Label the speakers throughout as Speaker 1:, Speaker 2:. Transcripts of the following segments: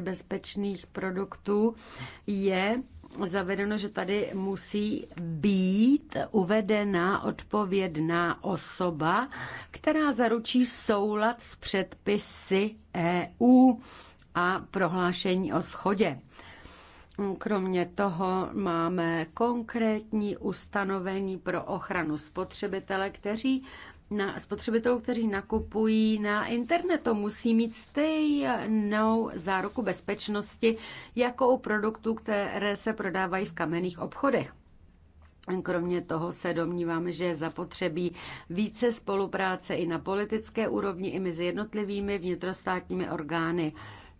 Speaker 1: bezpečných produktů je zavedeno, že tady musí být uvedena odpovědná osoba, která zaručí soulad s předpisy EU a prohlášení o schodě. Kromě toho máme konkrétní ustanovení pro ochranu spotřebitele, kteří na spotřebitelů, kteří nakupují na internetu, musí mít stejnou záruku bezpečnosti jako u produktů, které se prodávají v kamenných obchodech. Kromě toho se domníváme, že je zapotřebí více spolupráce i na politické úrovni, i mezi jednotlivými vnitrostátními orgány,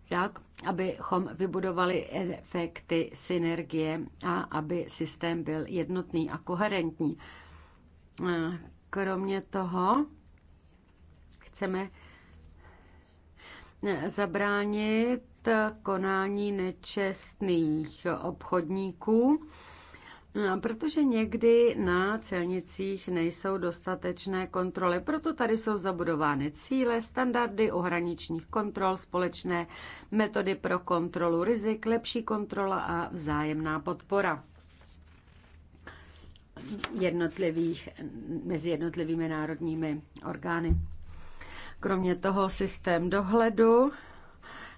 Speaker 1: tak, abychom vybudovali efekty synergie a aby systém byl jednotný a koherentní Kromě toho chceme zabránit konání nečestných obchodníků, protože někdy na celnicích nejsou dostatečné kontroly. Proto tady jsou zabudovány cíle, standardy u hraničních kontrol, společné metody pro kontrolu rizik, lepší kontrola a vzájemná podpora jednotlivých, mezi jednotlivými národními orgány. Kromě toho systém dohledu,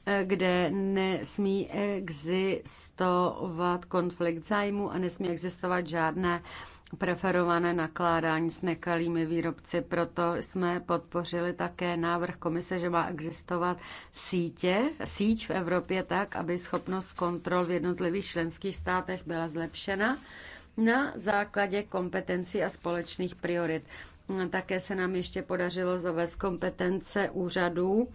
Speaker 1: eh, kde nesmí existovat konflikt zájmu a nesmí existovat žádné preferované nakládání s nekalými výrobci. Proto jsme podpořili také návrh komise, že má existovat sítě, síť v Evropě tak, aby schopnost kontrol v jednotlivých členských státech byla zlepšena na základě kompetencí a společných priorit. Také se nám ještě podařilo zavést kompetence úřadů,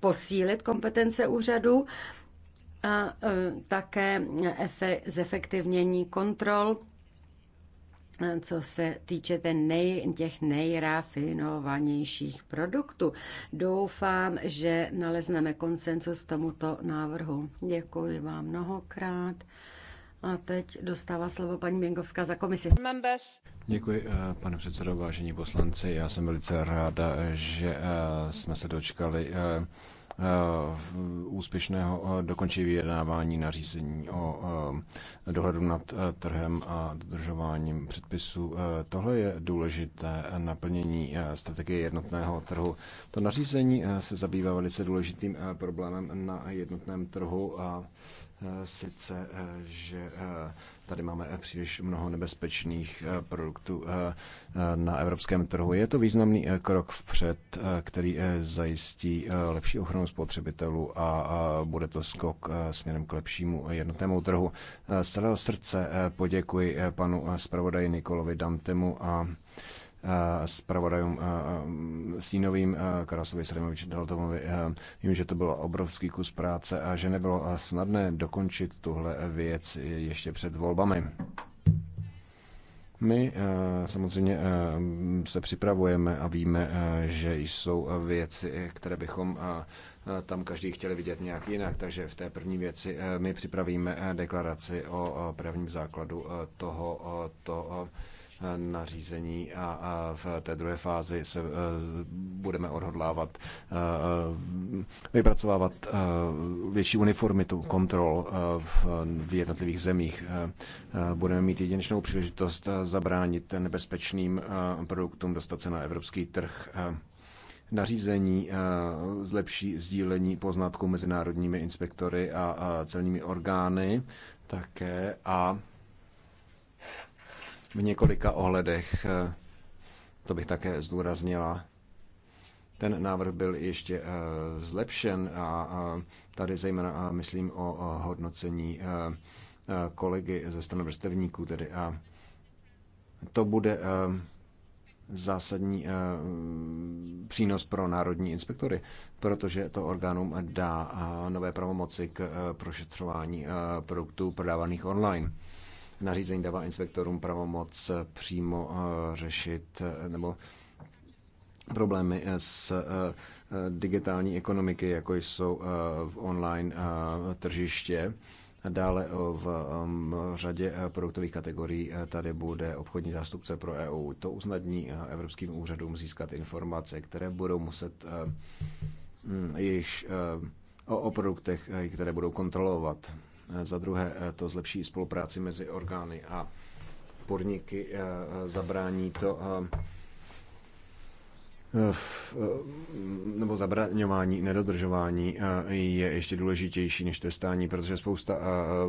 Speaker 1: posílit kompetence úřadů a e, také zefektivnění kontrol e, co se týče ten nej, těch nejrafinovanějších produktů. Doufám, že nalezneme konsensus tomuto návrhu. Děkuji vám mnohokrát. A teď dostává slovo paní Měnkovská za komisi.
Speaker 2: Děkuji, eh, pane předsedo, vážení poslanci. Já jsem velice ráda, že eh, jsme se dočkali eh, úspěšného dokončení vyjednávání nařízení o dohledu nad trhem a dodržováním předpisů. Tohle je důležité naplnění strategie jednotného trhu. To nařízení se zabývá velice důležitým problémem na jednotném trhu a Eh, sice, eh, že eh, tady máme příliš mnoho nebezpečných produktů na evropském trhu. Je to významný krok vpřed, který zajistí lepší ochranu spotřebitelů a bude to skok směrem k lepšímu jednotnému trhu. Z celého srdce poděkuji panu zpravodaji Nikolovi Dantemu a Eh, zpravodajům eh, eh, Stínovým, Karasovi Sremoviči Daltomovi. Vím, že to byl obrovský kus práce a že nebylo snadné dokončit tuhle věc ještě před volbami. My samozřejmě se připravujeme a víme, že jsou věci, které bychom tam každý chtěli vidět nějak jinak. Takže v té první věci my připravíme deklaraci o právním základu toho, to, nařízení a v té druhé fázi se e, budeme odhodlávat e, e, vypracovávat větší uniformitu kontrol v jednotlivých zemích. Budeme mít jedinečnou příležitost zabránit nebezpečným produktům dostat se na evropský trh nařízení zlepší sdílení poznatků mezinárodními inspektory a celními orgány také a v několika ohledech, eh, to bych také zdůraznila, ten návrh byl ještě eh, zlepšen a tady zejména myslím o hodnocení eh, kolegy ze strany vrstevníků tedy a to bude zásadní přínos pro národní inspektory, protože to orgánům dá nové pravomoci k prošetřování produktů prodávaných online. Nařízení dává inspektorům pravomoc přímo eh, řešit eh, nebo problémy eh, s digitální ekonomiky, jako jsou v online tržiště. Dále v řadě produktových kategorií tady bude obchodní zástupce pro EU. To usnadní evropským úřadům získat informace, které budou muset hm, již o produktech, které budou kontrolovat. Za druhé eh, to zlepší spolupráci mezi orgány a podniky, eh, eh, zabrání to nebo zabraňování, nedodržování je ještě důležitější než testání, protože spousta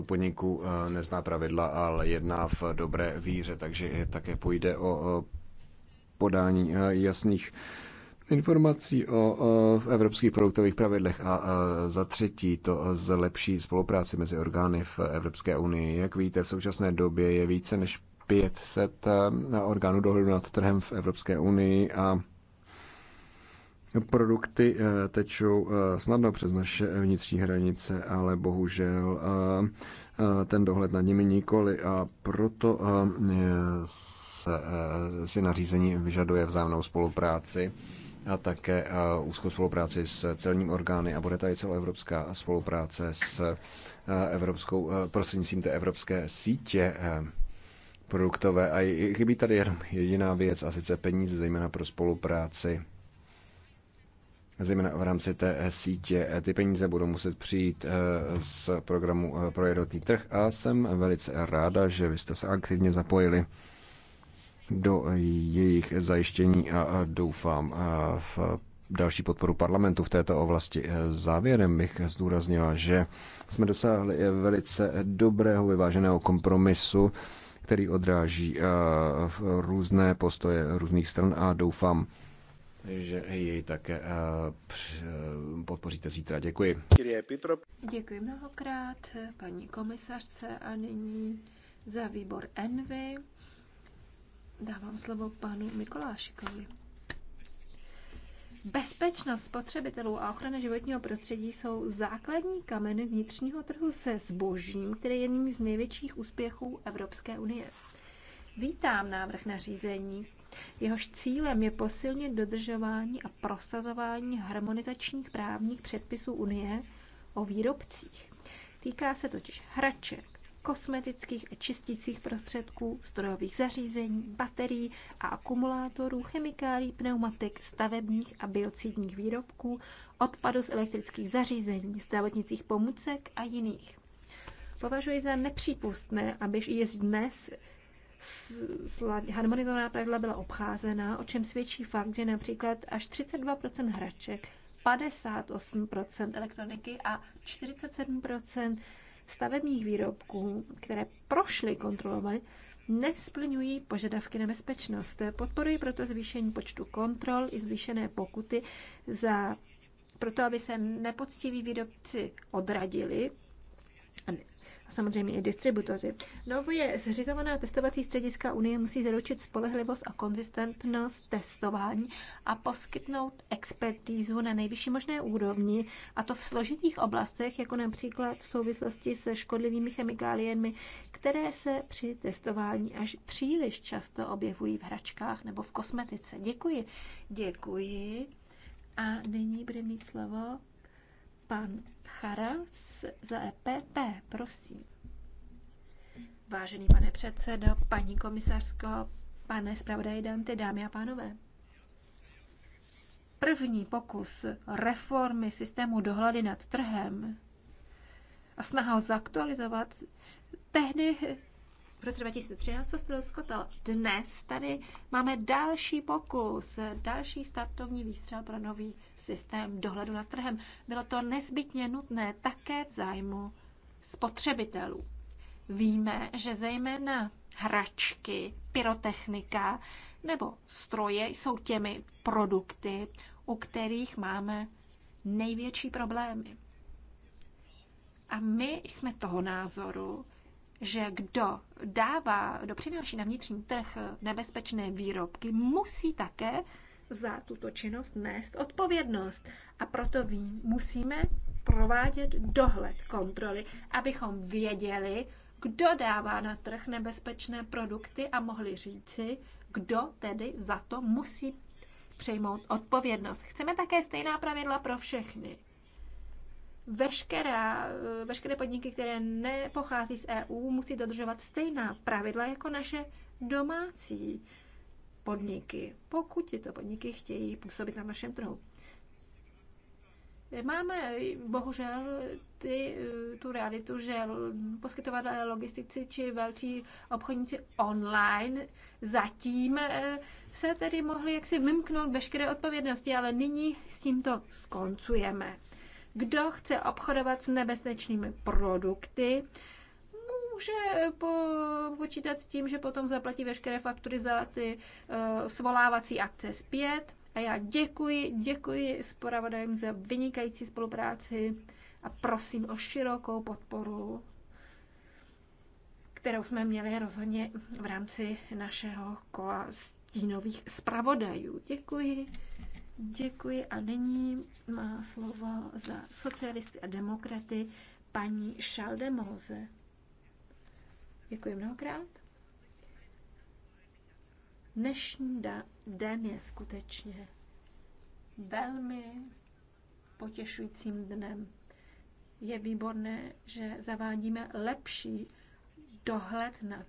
Speaker 2: podniků nezná pravidla, ale jedná v dobré víře, takže také půjde o podání jasných informací o, o evropských produktových pravidlech a, a za třetí to zlepší spolupráci mezi orgány v Evropské unii. Jak víte, v současné době je více než 500 orgánů dohledu nad trhem v Evropské unii a produkty e, tečou e, snadno přes naše vnitřní hranice, ale bohužel e, ten dohled nad nimi nikoli a proto se, si nařízení vyžaduje vzájemnou spolupráci a také úzkou spolupráci s celním orgány a bude tady celoevropská spolupráce s e, evropskou, e, prostřednictvím té evropské sítě e, produktové. A chybí tady jenom jediná věc, a sice peníze, zejména pro spolupráci zejména v rámci té sítě. Ty peníze budou muset přijít z programu pro jednotný trh a jsem velice ráda, že vy jste se aktivně zapojili do jejich zajištění a doufám v další podporu parlamentu v této oblasti. Závěrem bych zdůraznila, že jsme dosáhli velice dobrého vyváženého kompromisu, který odráží různé postoje různých stran a doufám, že jej také podpoříte zítra. Děkuji.
Speaker 3: Děkuji mnohokrát paní komisařce a nyní za výbor Envy Dávám slovo panu Mikolášikovi. Bezpečnost spotřebitelů a ochrana životního prostředí jsou základní kameny vnitřního trhu se zbožím, který je jedním z největších úspěchů Evropské unie. Vítám návrh nařízení, jehož cílem je posilnit dodržování a prosazování harmonizačních právních předpisů Unie o výrobcích. Týká se totiž hraček, kosmetických a čistících prostředků, strojových zařízení, baterií a akumulátorů, chemikálí, pneumatik, stavebních a biocidních výrobků, odpadu z elektrických zařízení, zdravotnických pomůcek a jiných. Považuji za nepřípustné, aby již dnes harmonizovaná pravidla byla obcházena, o čem svědčí fakt, že například až 32 hraček, 58 elektroniky a 47 stavebních výrobků, které prošly kontrolami, nesplňují požadavky na bezpečnost. Podporuji proto zvýšení počtu kontrol i zvýšené pokuty za proto, aby se nepoctiví výrobci odradili a samozřejmě i distributoři. Nově zřizovaná testovací střediska Unie musí zaručit spolehlivost a konzistentnost testování a poskytnout expertízu na nejvyšší možné úrovni, a to v složitých oblastech, jako například v souvislosti se škodlivými chemikáliemi, které se při testování až příliš často objevují v hračkách nebo v kosmetice. Děkuji. Děkuji. A nyní bude mít slovo Pan Charel za EPP, prosím. Vážený pane předsedo, paní komisařko, pane zpravodaji Dante, dámy a pánové. První pokus reformy systému dohledy nad trhem a snaha ho zaktualizovat tehdy v roce 2013, co jste doskotal. Dnes tady máme další pokus, další startovní výstřel pro nový systém dohledu nad trhem. Bylo to nezbytně nutné také v zájmu spotřebitelů. Víme, že zejména hračky, pyrotechnika nebo stroje jsou těmi produkty, u kterých máme největší problémy. A my jsme toho názoru, že kdo dává, kdo přináší na vnitřní trh nebezpečné výrobky, musí také za tuto činnost nést odpovědnost. A proto ví, musíme provádět dohled kontroly, abychom věděli, kdo dává na trh nebezpečné produkty a mohli říci, kdo tedy za to musí přejmout odpovědnost. Chceme také stejná pravidla pro všechny veškerá, veškeré podniky, které nepochází z EU, musí dodržovat stejná pravidla jako naše domácí podniky, pokud tyto podniky chtějí působit na našem trhu. Máme bohužel ty, tu realitu, že poskytovat logistici či velcí obchodníci online zatím eh, se tedy mohli jaksi vymknout veškeré odpovědnosti, ale nyní s tímto skoncujeme. Kdo chce obchodovat s nebezpečnými produkty, může po, počítat s tím, že potom zaplatí veškeré faktury za ty uh, svolávací akce zpět. A já děkuji, děkuji zpravodajům za vynikající spolupráci a prosím o širokou podporu, kterou jsme měli rozhodně v rámci našeho kola stínových zpravodajů. Děkuji. Děkuji a nyní má slovo za socialisty a demokraty paní Šaldemose. Děkuji mnohokrát. Dnešní den je skutečně velmi potěšujícím dnem. Je výborné, že zavádíme lepší dohled nad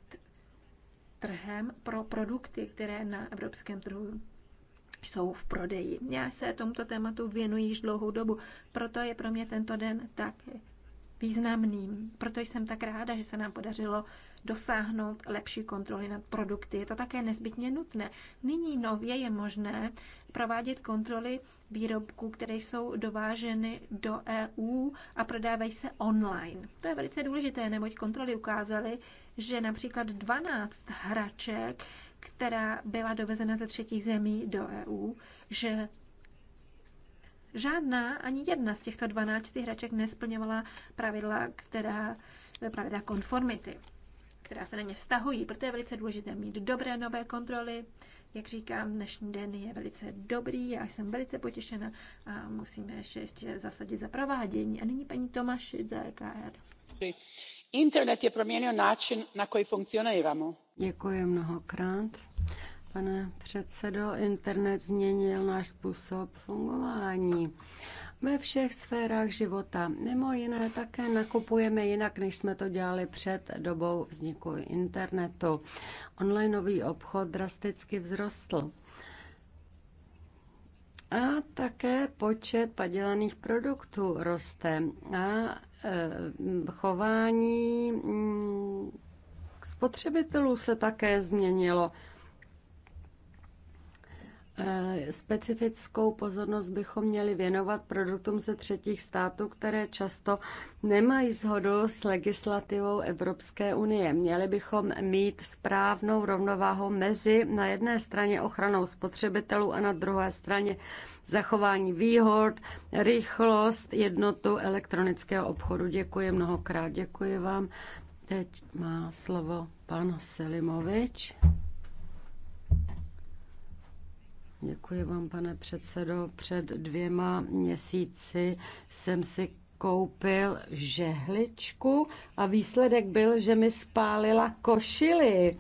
Speaker 3: trhem pro produkty, které na evropském trhu jsou v prodeji. Já se tomuto tématu věnuji již dlouhou dobu, proto je pro mě tento den tak významným. Proto jsem tak ráda, že se nám podařilo dosáhnout lepší kontroly nad produkty. Je to také nezbytně nutné. Nyní nově je možné provádět kontroly výrobků, které jsou dováženy do EU a prodávají se online. To je velice důležité, neboť kontroly ukázaly, že například 12 hraček která byla dovezena ze třetích zemí do EU, že žádná ani jedna z těchto 12 hraček nesplňovala pravidla, která, pravidla konformity, která se na ně vztahují. Proto je velice důležité mít dobré nové kontroly. Jak říkám, dnešní den je velice dobrý, já jsem velice potěšena a musíme ještě, ještě zasadit za provádění. A nyní paní Tomaš za EKR
Speaker 1: internet je proměnil način na koji funkcioniramo. Děkuji mnohokrát. Pane předsedo, internet změnil náš způsob fungování ve všech sférách života. Mimo jiné také nakupujeme jinak, než jsme to dělali před dobou vzniku internetu. Onlineový obchod drasticky vzrostl. A také počet padělaných produktů roste. A Eh, chování mm, spotřebitelů se také změnilo. Eh, specifickou pozornost bychom měli věnovat produktům ze třetích států, které často nemají shodu s legislativou Evropské unie. Měli bychom mít správnou rovnováhu mezi na jedné straně ochranou spotřebitelů a na druhé straně zachování výhod, rychlost, jednotu elektronického obchodu. Děkuji mnohokrát, děkuji vám. Teď má slovo pan Selimovič. Děkuji vám, pane předsedo. Před dvěma měsíci jsem si koupil žehličku a výsledek byl, že mi spálila košily.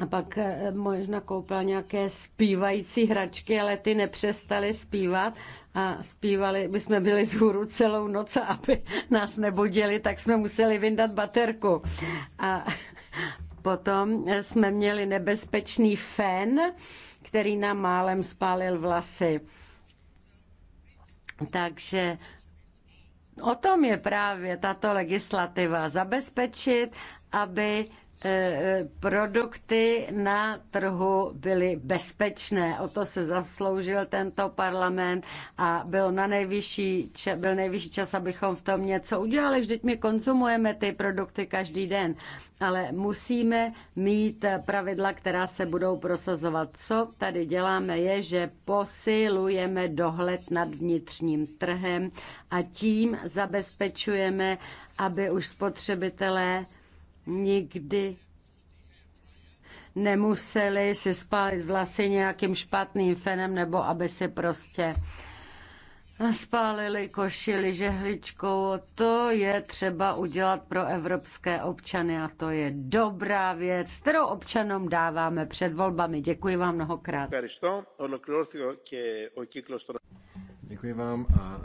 Speaker 1: A pak eh, možná koupila nějaké zpívající hračky, ale ty nepřestaly zpívat a zpívali, my jsme byli z hůru celou noc a aby nás nebudili, tak jsme museli vyndat baterku. A potom jsme měli nebezpečný fen, který nám málem spálil vlasy. Takže o tom je právě tato legislativa zabezpečit, aby Eh, produkty na trhu byly bezpečné. O to se zasloužil tento parlament a byl, na nejvyšší, byl nejvyšší čas, abychom v tom něco udělali. Vždyť my konzumujeme ty produkty každý den, ale musíme mít pravidla, která se budou prosazovat. Co tady děláme je, že posilujeme dohled nad vnitřním trhem a tím zabezpečujeme, aby už spotřebitelé nikdy nemuseli si spálit vlasy nějakým špatným fenem nebo aby si prostě spálili košili žehličkou. To je třeba udělat pro evropské občany a to je dobrá věc, kterou občanům dáváme před volbami. Děkuji vám mnohokrát.
Speaker 2: Děkuji vám a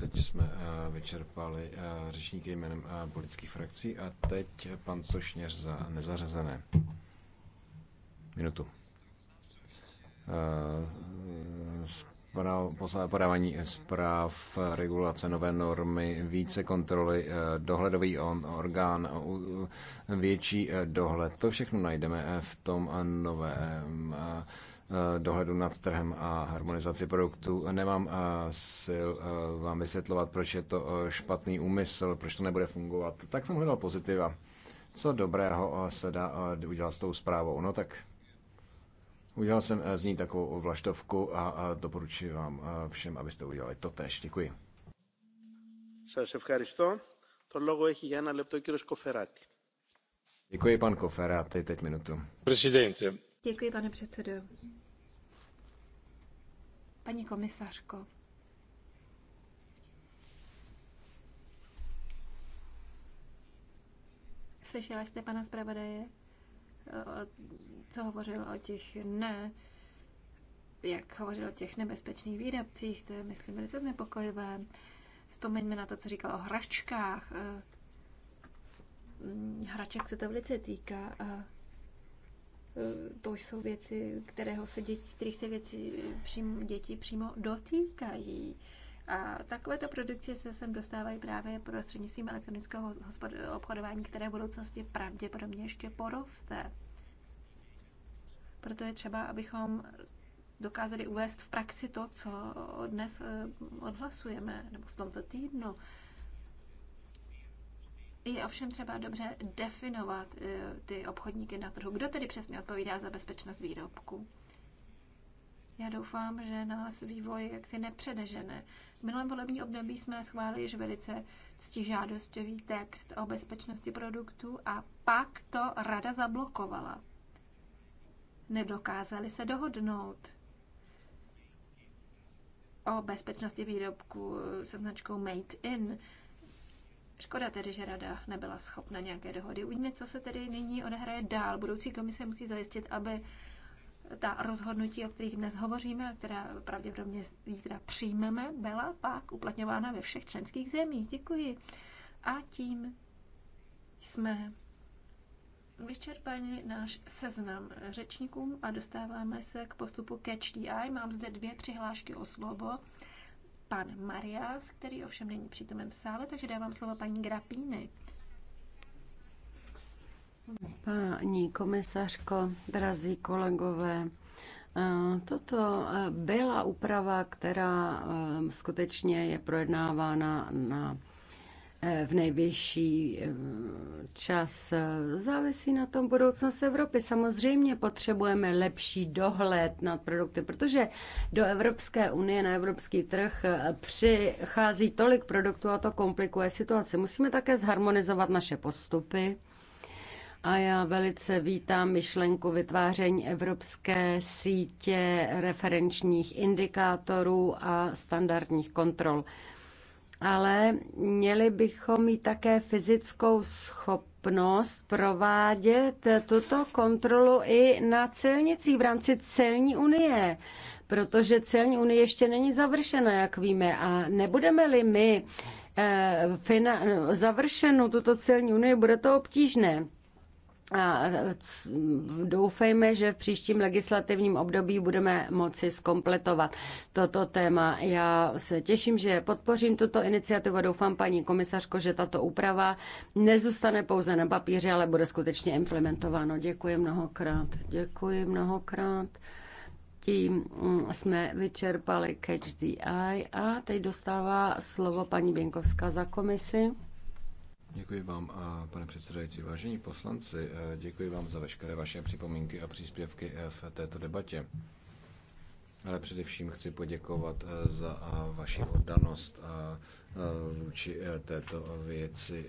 Speaker 2: teď jsme vyčerpali řečníky jménem politických frakcí a teď pan Sošněř za nezařazené. Minutu. Podávání zpráv, regulace, nové normy, více kontroly, dohledový on, orgán, větší dohled. To všechno najdeme v tom novém Eh, dohledu nad trhem a harmonizaci produktů. Nemám eh, sil eh, vám vysvětlovat, proč je to špatný úmysl, proč to nebude fungovat. Tak jsem hledal pozitiva. Co dobrého se dá udělat s tou zprávou? No tak udělal jsem z ní takovou vlaštovku a doporučuji vám všem, abyste udělali to tež. Děkuji. Děkuji, pan Koferáty, teď minutu. Presidente,
Speaker 3: Děkuji, pane předsedo. Paní komisařko. Slyšela jste pana zpravodaje, eh, co hovořil o těch ne, jak hovořil o těch nebezpečných výrobcích, to je, myslím, velice znepokojivé. Vzpomeňme na to, co říkal o hračkách. Eh, hm, hraček se to velice týká. A Eh, to jsou věci, kterého se děti, kterých se věci přímo, děti přímo dotýkají. A takovéto produkce se sem dostávají právě prostřednictvím elektronického obchodování, které v budoucnosti pravděpodobně ještě poroste. Proto je třeba, abychom dokázali uvést v praxi to, co dnes eh, odhlasujeme, nebo v tomto týdnu. Je ovšem třeba dobře definovat eh, ty obchodníky na trhu. Kdo tedy přesně odpovídá za bezpečnost výrobku? Já doufám, že nás vývoj jaksi nepředežene. V minulém volební období jsme schválili již velice ctižádostivý text o bezpečnosti produktů a pak to rada zablokovala. Nedokázali se dohodnout o bezpečnosti výrobku se značkou Made in. Škoda tedy, že rada nebyla schopna nějaké dohody. Uvidíme, co se tedy nyní odehraje dál. Budoucí komise musí zajistit, aby ta rozhodnutí, o kterých dnes hovoříme a která pravděpodobně zítra přijmeme, byla pak uplatňována ve všech členských zemích. Děkuji. A tím jsme vyčerpali náš seznam řečníkům a dostáváme se k postupu Catch the Eye. Mám zde dvě přihlášky o slovo pan Marias, který ovšem není přítomen v sále, takže dávám slovo paní Grapíny.
Speaker 1: Paní komisařko, drazí kolegové, eh, Toto eh, byla úprava, která eh, skutečně je projednávána na Eh, v nejvyšší eh, čas. Závisí na tom budoucnost Evropy. Samozřejmě potřebujeme lepší dohled nad produkty, protože do Evropské unie, na evropský trh eh, přichází tolik produktů a to komplikuje situaci. Musíme také zharmonizovat naše postupy. A já velice vítám myšlenku vytváření evropské sítě referenčních indikátorů a standardních kontrol ale měli bychom mít také fyzickou schopnost provádět tuto kontrolu i na celnicích v rámci celní unie, protože celní unie ještě není završena, jak víme, a nebudeme-li my eh, završenou tuto celní unii, bude to obtížné a doufejme, že v příštím legislativním období budeme moci skompletovat toto téma. Já se těším, že podpořím tuto iniciativu a doufám, paní komisařko, že tato úprava nezůstane pouze na papíře, ale bude skutečně implementováno. Děkuji mnohokrát. Děkuji mnohokrát. Tím mm, jsme vyčerpali Catch the Eye a teď dostává slovo paní Běnkovská za komisi.
Speaker 2: Děkuji vám, pane předsedající. Vážení poslanci, e, děkuji vám za veškeré vaše připomínky a příspěvky e, v této debatě. Ale především chci poděkovat e, za vaši oddanost vůči této věci.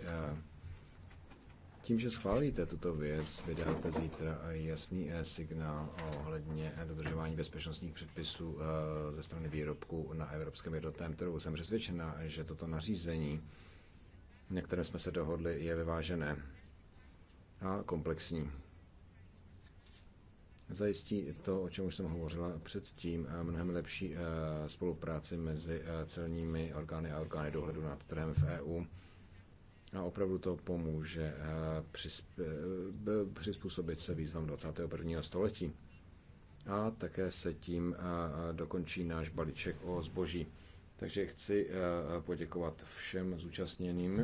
Speaker 2: Tím, že schválíte tuto věc, vydáte zítra jasný signál ohledně dodržování bezpečnostních předpisů ze strany výrobků na evropském jednotném trhu. Jsem přesvědčena, že toto nařízení na kterém jsme se dohodli, je vyvážené a komplexní. Zajistí to, o čem už jsem hovořila předtím, mnohem lepší eh, spolupráci mezi eh, celními orgány a orgány dohledu nad trhem v EU. A opravdu to pomůže eh, přizpůsobit se výzvám 21. století. A také se tím dokončí náš balíček o zboží. Takže chci eh, poděkovat všem zúčastněným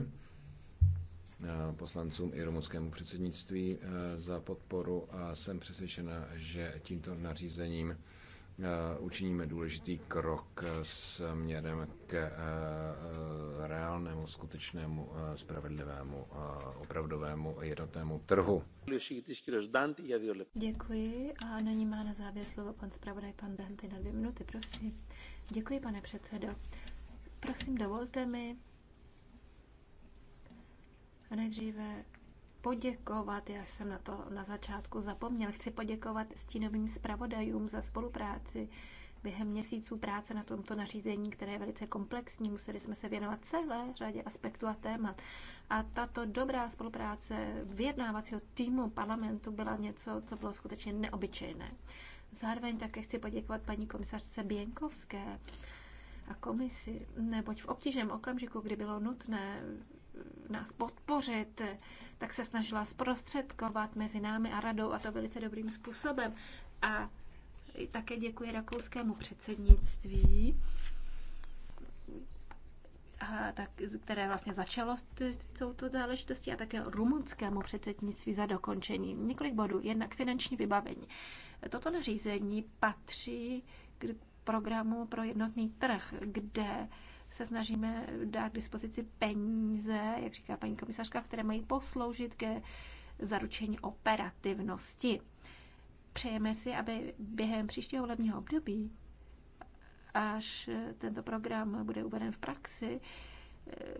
Speaker 2: eh, poslancům i rumunskému předsednictví eh, za podporu a jsem přesvědčena, že tímto nařízením učiníme důležitý krok směrem k reálnému, skutečnému, spravedlivému, opravdovému jednotnému trhu.
Speaker 3: Děkuji a nyní má na závěr slovo pan zpravodaj, pan Dante na dvě minuty, prosím. Děkuji, pane předsedo. Prosím, dovolte mi nejdříve poděkovat, já jsem na to na začátku zapomněl, chci poděkovat stínovým zpravodajům za spolupráci během měsíců práce na tomto nařízení, které je velice komplexní. Museli jsme se věnovat celé řadě aspektů a témat. A tato dobrá spolupráce vyjednávacího týmu parlamentu byla něco, co bylo skutečně neobyčejné. Zároveň také chci poděkovat paní komisařce Běnkovské a komisi, neboť v obtížném okamžiku, kdy bylo nutné nás podpořit, tak se snažila zprostředkovat mezi námi a radou a to velice dobrým způsobem. A také děkuji rakouskému předsednictví, a tak, které vlastně začalo s touto záležitostí a také rumunskému předsednictví za dokončení. Několik bodů. Jednak finanční vybavení. Toto nařízení patří k programu pro jednotný trh, kde se snažíme dát k dispozici peníze, jak říká paní komisařka, které mají posloužit ke zaručení operativnosti. Přejeme si, aby během příštího volebního období, až tento program bude uveden v praxi,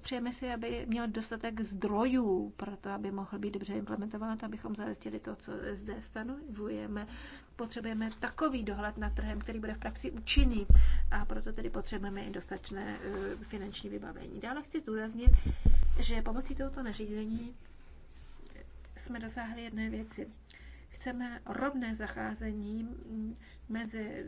Speaker 3: přejeme si, aby měl dostatek zdrojů pro to, aby mohl být dobře implementován, abychom zajistili to, co zde stanovujeme potřebujeme takový dohled nad trhem, který bude v praxi účinný a proto tedy potřebujeme i dostatečné eh, finanční vybavení. Dále chci zdůraznit, že pomocí tohoto nařízení eh, jsme dosáhli jedné věci. Chceme rovné zacházení mm, mezi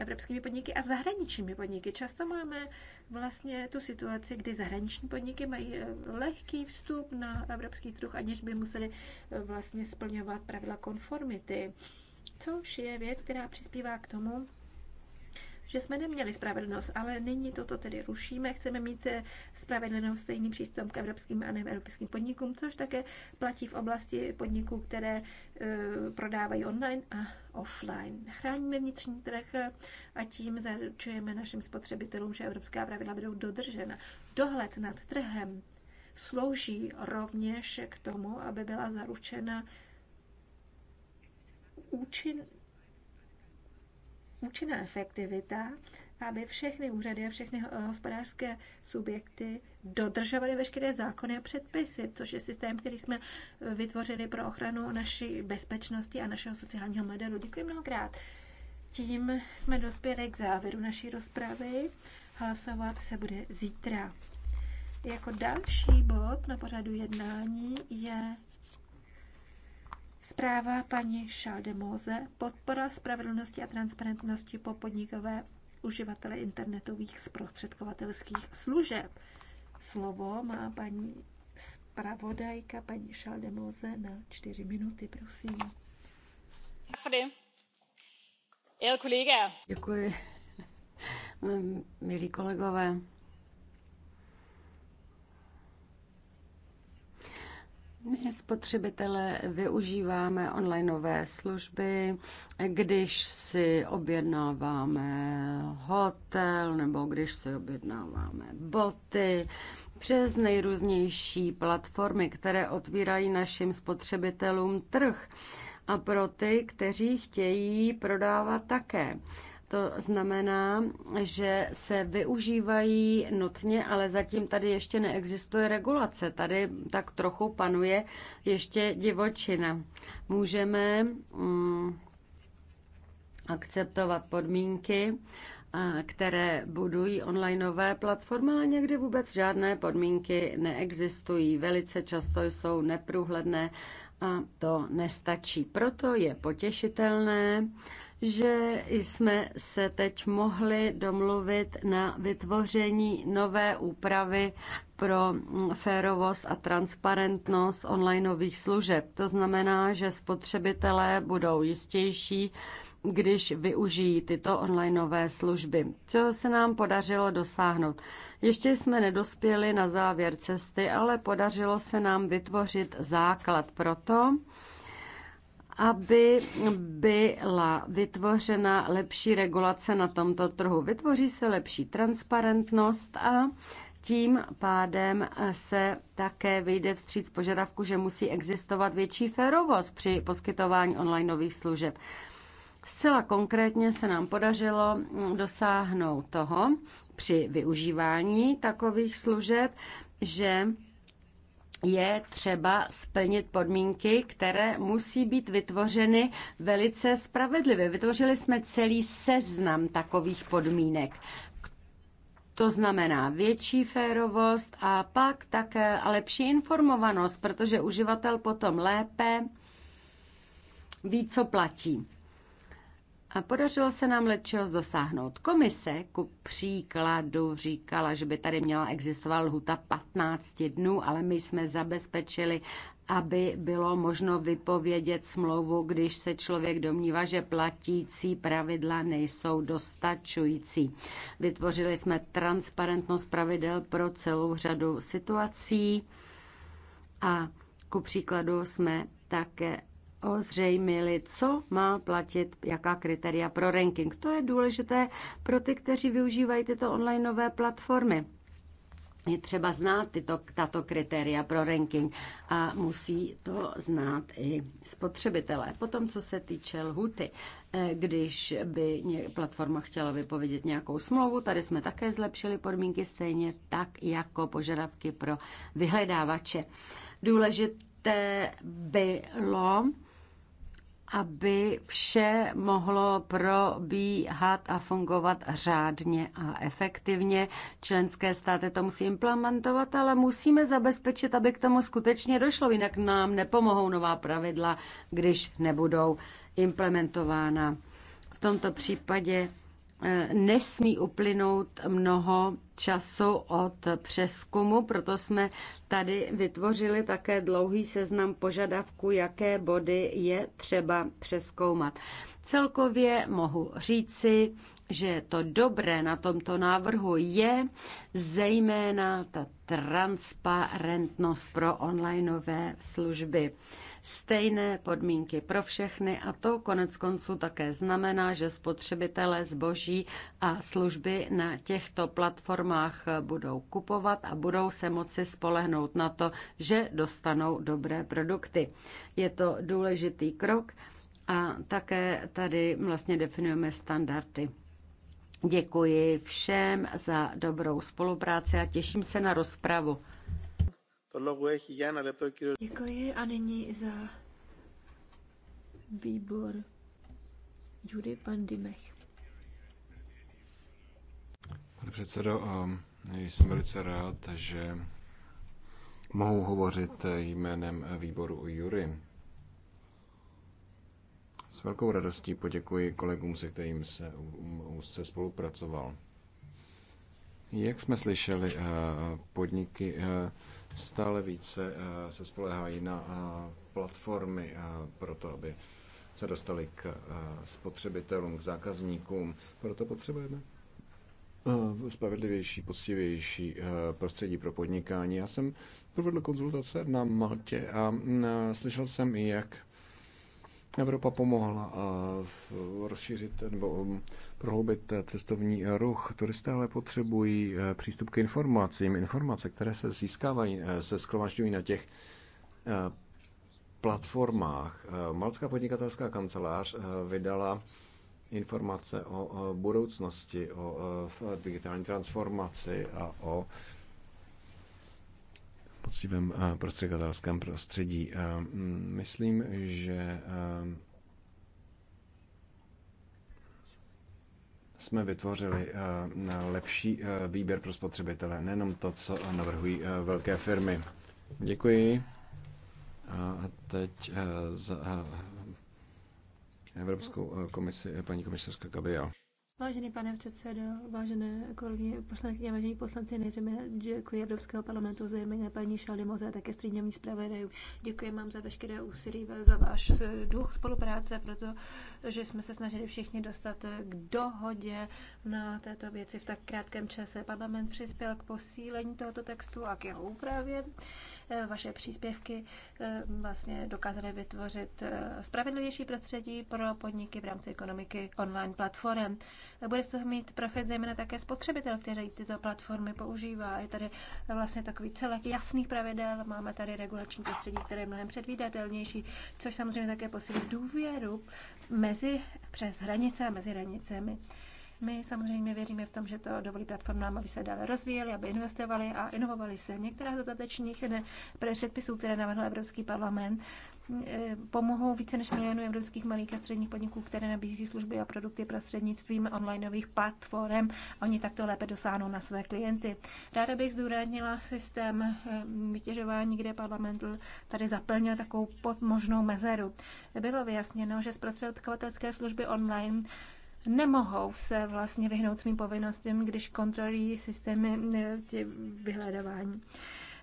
Speaker 3: evropskými podniky a zahraničními podniky. Často máme vlastně tu situaci, kdy zahraniční podniky mají eh, lehký vstup na evropský trh, aniž by museli eh, vlastně splňovat pravidla konformity, což je věc, která přispívá k tomu, že jsme neměli spravedlnost, ale nyní toto tedy rušíme. Chceme mít eh, spravedlnost stejný přístup k evropským a neevropským podnikům, což také platí v oblasti podniků, které eh, prodávají online a offline. Chráníme vnitřní trh eh, a tím zaručujeme našim spotřebitelům, že evropská pravidla budou dodržena. Dohled nad trhem slouží rovněž k tomu, aby byla zaručena účin, účinná efektivita, aby všechny úřady a všechny eh, hospodářské subjekty dodržovaly veškeré zákony a předpisy, což je systém, který jsme eh, vytvořili pro ochranu naší bezpečnosti a našeho sociálního modelu. Děkuji mnohokrát. Tím jsme dospěli k závěru naší rozpravy. Hlasovat se bude zítra. Jako další bod na pořadu jednání je Zpráva paní Šaldemóze, podpora spravedlnosti a transparentnosti po podnikové uživatele internetových zprostředkovatelských služeb. Slovo má paní zpravodajka, paní Šaldemoze, na čtyři minuty, prosím. Děkuji.
Speaker 1: Milí kolegové, My spotřebitelé využíváme onlineové služby, když si objednáváme hotel nebo když si objednáváme boty přes nejrůznější platformy, které otvírají našim spotřebitelům trh a pro ty, kteří chtějí prodávat také. To znamená, že se využívají nutně, ale zatím tady ještě neexistuje regulace. Tady tak trochu panuje ještě divočina. Můžeme mm, akceptovat podmínky, které budují onlineové platformy, ale někdy vůbec žádné podmínky neexistují. Velice často jsou neprůhledné a to nestačí. Proto je potěšitelné, že jsme se teď mohli domluvit na vytvoření nové úpravy pro férovost a transparentnost onlineových služeb. To znamená, že spotřebitelé budou jistější, když využijí tyto onlineové služby. Co se nám podařilo dosáhnout? Ještě jsme nedospěli na závěr cesty, ale podařilo se nám vytvořit základ pro to, aby byla vytvořena lepší regulace na tomto trhu. Vytvoří se lepší transparentnost a tím pádem se také vyjde vstříc požadavku, že musí existovat větší férovost při poskytování online nových služeb. Zcela konkrétně se nám podařilo dosáhnout toho při využívání takových služeb, že je třeba splnit podmínky, které musí být vytvořeny velice spravedlivě. Vytvořili jsme celý seznam takových podmínek. To znamená větší férovost a pak také lepší informovanost, protože uživatel potom lépe ví, co platí. A podařilo se nám lečeho dosáhnout. Komise ku příkladu říkala, že by tady měla existovat lhuta 15 dnů, ale my jsme zabezpečili, aby bylo možno vypovědět smlouvu, když se člověk domnívá, že platící pravidla nejsou dostačující. Vytvořili jsme transparentnost pravidel pro celou řadu situací a ku příkladu jsme také ozřejmili, co má platit, jaká kritéria pro ranking. To je důležité pro ty, kteří využívají tyto online nové platformy. Je třeba znát tyto, tato kritéria pro ranking a musí to znát i spotřebitelé. Potom, co se týče lhuty, eh, když by platforma chtěla vypovědět nějakou smlouvu, tady jsme také zlepšili podmínky stejně tak jako požadavky pro vyhledávače. Důležité bylo aby vše mohlo probíhat a fungovat řádně a efektivně. Členské státy to musí implementovat, ale musíme zabezpečit, aby k tomu skutečně došlo, jinak nám nepomohou nová pravidla, když nebudou implementována. V tomto případě Eh, nesmí uplynout mnoho času od přeskumu, proto jsme tady vytvořili také dlouhý seznam požadavků, jaké body je třeba přeskoumat. Celkově mohu říci, že to dobré na tomto návrhu je zejména ta transparentnost pro onlineové služby stejné podmínky pro všechny a to konec konců také znamená, že spotřebitelé zboží a služby na těchto platformách budou kupovat a budou se moci spolehnout na to, že dostanou dobré produkty. Je to důležitý krok a také tady vlastně definujeme standardy. Děkuji všem za dobrou spolupráci a těším se na rozpravu.
Speaker 3: Děkuji a nyní za výbor Judy Pandimech.
Speaker 2: Pane předsedo, ehm, jsem velice rád, že mohu hovořit jménem výboru Jury. S velkou radostí poděkuji kolegům, se kterým se úzce spolupracoval. Jak jsme slyšeli, eh, podniky eh, stále více eh, se spolehají na platformy pro to, aby se dostali k spotřebitelům, k zákazníkům. Proto potřebujeme spravedlivější, poctivější prostředí pro podnikání. Já jsem provedl konzultace na Maltě a mm, slyšel jsem, jak Evropa pomohla eh, rozšířit nebo um, prohloubit eh, cestovní ruch. Turisté ale potřebují eh, přístup k informacím. Informace, které se získávají, se skromažďují na těch platformách. Malcká podnikatelská kancelář vydala informace o budoucnosti, o digitální transformaci a o poctivém eh, prostředkatelském prostředí. Eh, mm, myslím, že eh, jsme vytvořili lepší výběr pro spotřebitele, nejenom to, co navrhují velké firmy. Děkuji. A teď za Evropskou komisi paní komisařka Gabriel.
Speaker 3: Vážený pane předsedo, vážené kolegyně poslankyně, vážení poslanci, nejzejména děkuji Evropského parlamentu, zejména paní Šalimoze a také střídněm zpravodajům. Děkuji vám za veškeré úsilí, za váš duch spolupráce, protože jsme se snažili všichni dostat k dohodě na této věci v tak krátkém čase. Parlament přispěl k posílení tohoto textu a k jeho úpravě. Eh, vaše příspěvky eh, vlastně dokázaly vytvořit eh, spravedlivější prostředí pro podniky v rámci ekonomiky online platform. Bude z toho mít profit zejména také spotřebitel, který tyto platformy používá. Je tady vlastně takový celek jasných pravidel, máme tady regulační prostředí, které je mnohem předvídatelnější, což samozřejmě také posílí důvěru mezi přes hranice a mezi hranicemi. My samozřejmě věříme v tom, že to dovolí platformám, aby se dále rozvíjeli, aby investovali a inovovali se. Některá z dodatečných předpisů, které navrhl Evropský parlament, e, pomohou více než milionu evropských malých a středních podniků, které nabízí služby a produkty prostřednictvím onlineových platform. Oni takto lépe dosáhnou na své klienty. Ráda bych zdůraznila systém e, vytěžování, kde parlament tady zaplnil takovou možnou mezeru. Bylo vyjasněno, že zprostředkovatelské služby online nemohou se vlastně vyhnout svým povinnostem, když kontrolují systémy eh, vyhledávání.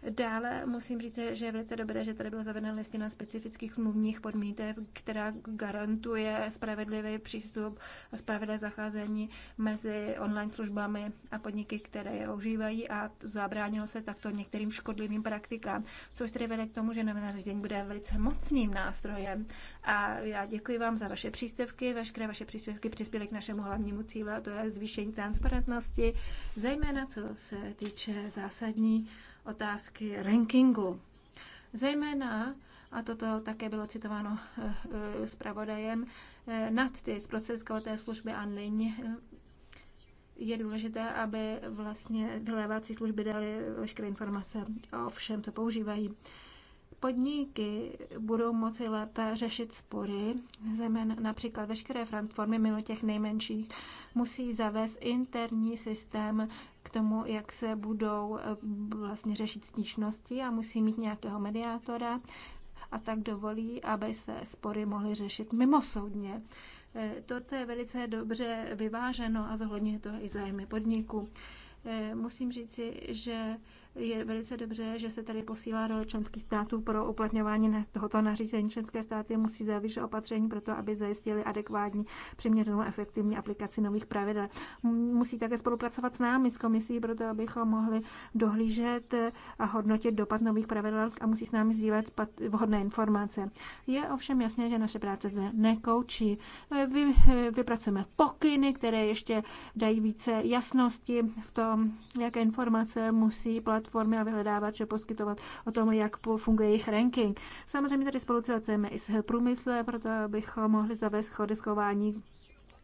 Speaker 3: Dále musím říct, že je velice dobré, že tady byla zavedena listina specifických smluvních podmínek, která garantuje spravedlivý přístup a spravedlivé zacházení mezi online službami a podniky, které je užívají a zabránilo se takto některým škodlivým praktikám, což tedy vede k tomu, že novinaření bude velice mocným nástrojem. A já děkuji vám za vaše příspěvky. Veškeré vaše příspěvky přispěly k našemu hlavnímu cíli, a to je zvýšení transparentnosti, zejména co se týče zásadní otázky rankingu. Zejména, a toto také bylo citováno eh, eh, pravodajem, eh, nad ty zprostředkovaté služby a nyní je důležité, aby vlastně dodávací služby daly veškeré informace o všem, co používají podniky budou moci lépe řešit spory, zejména například veškeré formy mimo těch nejmenších musí zavést interní systém k tomu, jak se budou eh, vlastně řešit stížnosti a musí mít nějakého mediátora a tak dovolí, aby se spory mohly řešit mimosoudně. Eh, toto je velice dobře vyváženo a zohledňuje to i zájmy podniku. Eh, musím říci, že je velice dobře, že se tady posílá role členských států pro uplatňování tohoto nařízení. Členské státy musí zavíšet opatření pro to, aby zajistili adekvátní, přiměřenou efektivní aplikaci nových pravidel. Musí také spolupracovat s námi, s komisí, proto abychom mohli dohlížet a hodnotit dopad nových pravidel a musí s námi sdílet vhodné informace. Je ovšem jasné, že naše práce zde nekoučí. Vy, vypracujeme pokyny, které ještě dají více jasnosti v tom, jaké informace musí platit platformy a vyhledávače poskytovat o tom, jak funguje jejich ranking. Samozřejmě tady spolupracujeme i s průmyslem, proto abychom mohli zavést chodiskování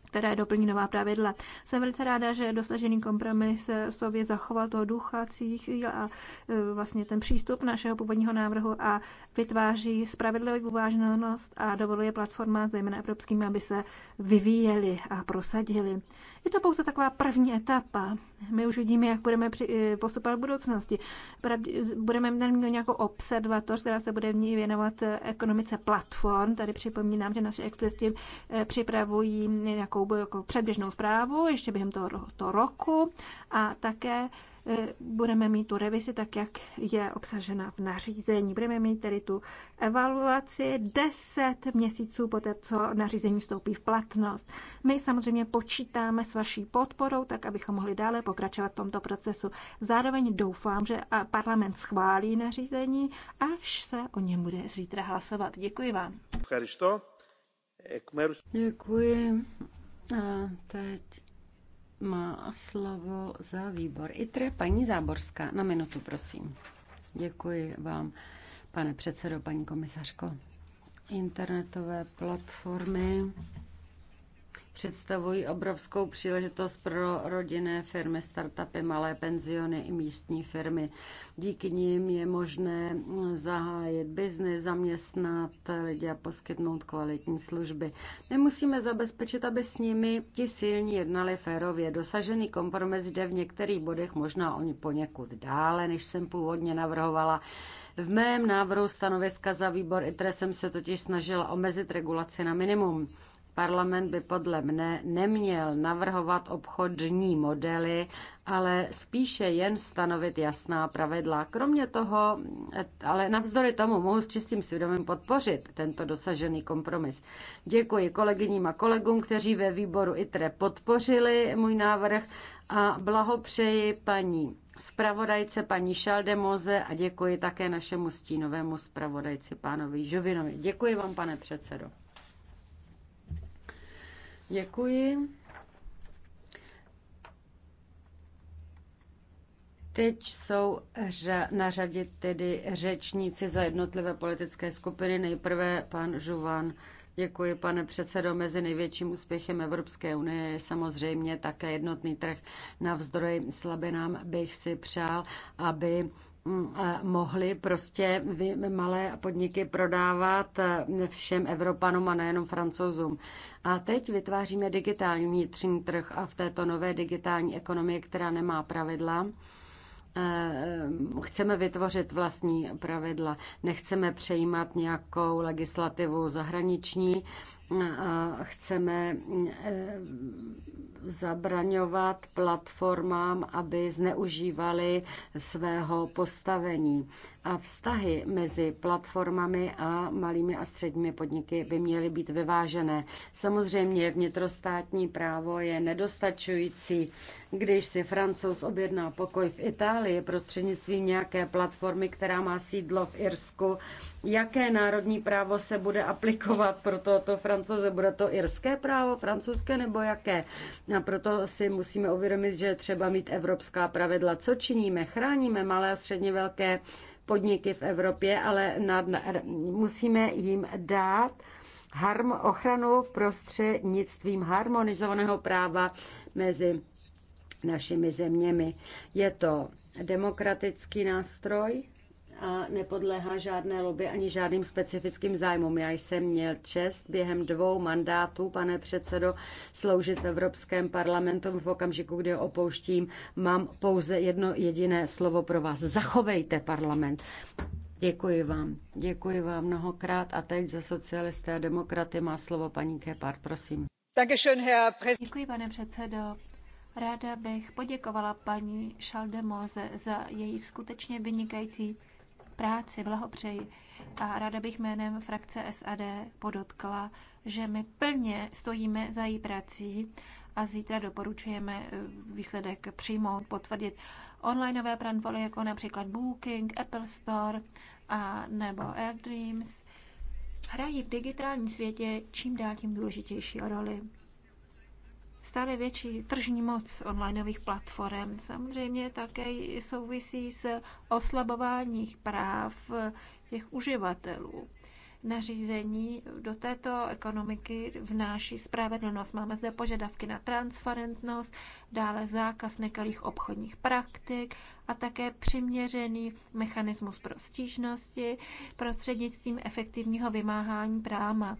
Speaker 3: které doplní nová pravidla. Jsem velice ráda, že dosažený kompromis v sobě zachoval toho ducha, cíl a e, vlastně ten přístup našeho původního návrhu a vytváří spravedlivou vyváženost a dovoluje platformám, zejména evropským, aby se vyvíjeli a prosadili. Je to pouze taková první etapa. My už vidíme, jak budeme eh, postupovat v budoucnosti. Budeme mít nějakou observatoř, která se bude v ní věnovat eh, ekonomice platform. Tady připomínám, že naše experti eh, připravují nějakou jako předběžnou zprávu ještě během toho, toho roku a také Eh, budeme mít tu revizi tak, jak je obsažena v nařízení. Budeme mít tedy tu evaluaci 10 měsíců poté, co nařízení vstoupí v platnost. My samozřejmě počítáme s vaší podporou, tak abychom mohli dále pokračovat v tomto procesu. Zároveň doufám, že eh, parlament schválí nařízení, až se o něm bude zítra hlasovat. Děkuji vám.
Speaker 1: Děkuji. A teď má slovo za výbor ITRE paní Záborská. Na minutu, prosím. Děkuji vám, pane předsedo, paní komisařko. Internetové platformy představují obrovskou příležitost pro rodinné firmy, startupy, malé penziony i místní firmy. Díky nim je možné zahájit biznis, zaměstnat lidi a poskytnout kvalitní služby. My musíme zabezpečit, aby s nimi ti silní jednali férově. Dosažený kompromis jde v některých bodech možná oni poněkud dále, než jsem původně navrhovala. V mém návrhu stanoviska za výbor ITRE jsem se totiž snažila omezit regulaci na minimum. Parlament by podle mne neměl navrhovat obchodní modely, ale spíše jen stanovit jasná pravidla. Kromě toho, ale navzdory tomu mohu s čistým svědomím podpořit tento dosažený kompromis. Děkuji kolegyním a kolegům, kteří ve výboru ITRE podpořili můj návrh a blahopřeji paní zpravodajce paní Šaldemoze a děkuji také našemu stínovému zpravodajci pánovi Žovinovi. Děkuji vám, pane předsedo. Děkuji. Teď jsou na řadě tedy řečníci za jednotlivé politické skupiny. Nejprve pan Žuvan. Děkuji, pane předsedo. Mezi největším úspěchem Evropské unie je samozřejmě také jednotný trh. Navzdory slabinám bych si přál, aby Mohli prostě malé podniky prodávat všem Evropanům a nejenom Francouzům. A teď vytváříme digitální vnitřní trh a v této nové digitální ekonomii, která nemá pravidla, eh, chceme vytvořit vlastní pravidla, nechceme přejímat nějakou legislativu zahraniční, a chceme eh, zabraňovat platformám, aby zneužívali svého postavení. A vztahy mezi platformami a malými a středními podniky by měly být vyvážené. Samozřejmě vnitrostátní právo je nedostačující. Když si francouz objedná pokoj v Itálii prostřednictvím nějaké platformy, která má sídlo v Irsku, jaké národní právo se bude aplikovat pro to francouze. Bude to irské právo, francouzské nebo jaké? A proto si musíme uvědomit, že třeba mít evropská pravidla. Co činíme? Chráníme malé a středně velké podniky v Evropě, ale nad, musíme jim dát harm, ochranu v prostřednictvím harmonizovaného práva mezi našimi zeměmi. Je to demokratický nástroj, a nepodléhá žádné lobby ani žádným specifickým zájmům. Já jsem měl čest během dvou mandátů, pane předsedo, sloužit v Evropském parlamentu v okamžiku, kdy ho opouštím. Mám pouze jedno jediné slovo pro vás. Zachovejte parlament. Děkuji vám. Děkuji vám mnohokrát. A teď za socialisté a demokraty má slovo paní Kepard, prosím.
Speaker 3: Děkuji, pane předsedo. Ráda bych poděkovala paní Šaldemoze za její skutečně vynikající práci. Blahopřeji. A ráda bych jménem frakce SAD podotkla, že my plně stojíme za její prací a zítra doporučujeme eh, výsledek přijmout, potvrdit onlineové pranvoly, jako například Booking, Apple Store a nebo AirDreams, hrají v digitálním světě čím dál tím důležitější roli stále větší tržní moc onlineových platform. Samozřejmě také souvisí s oslabováním práv těch uživatelů. Nařízení do této ekonomiky vnáší spravedlnost. Máme zde požadavky na transparentnost, dále zákaz nekalých obchodních praktik, a také přiměřený mechanismus pro stížnosti prostřednictvím efektivního vymáhání práma.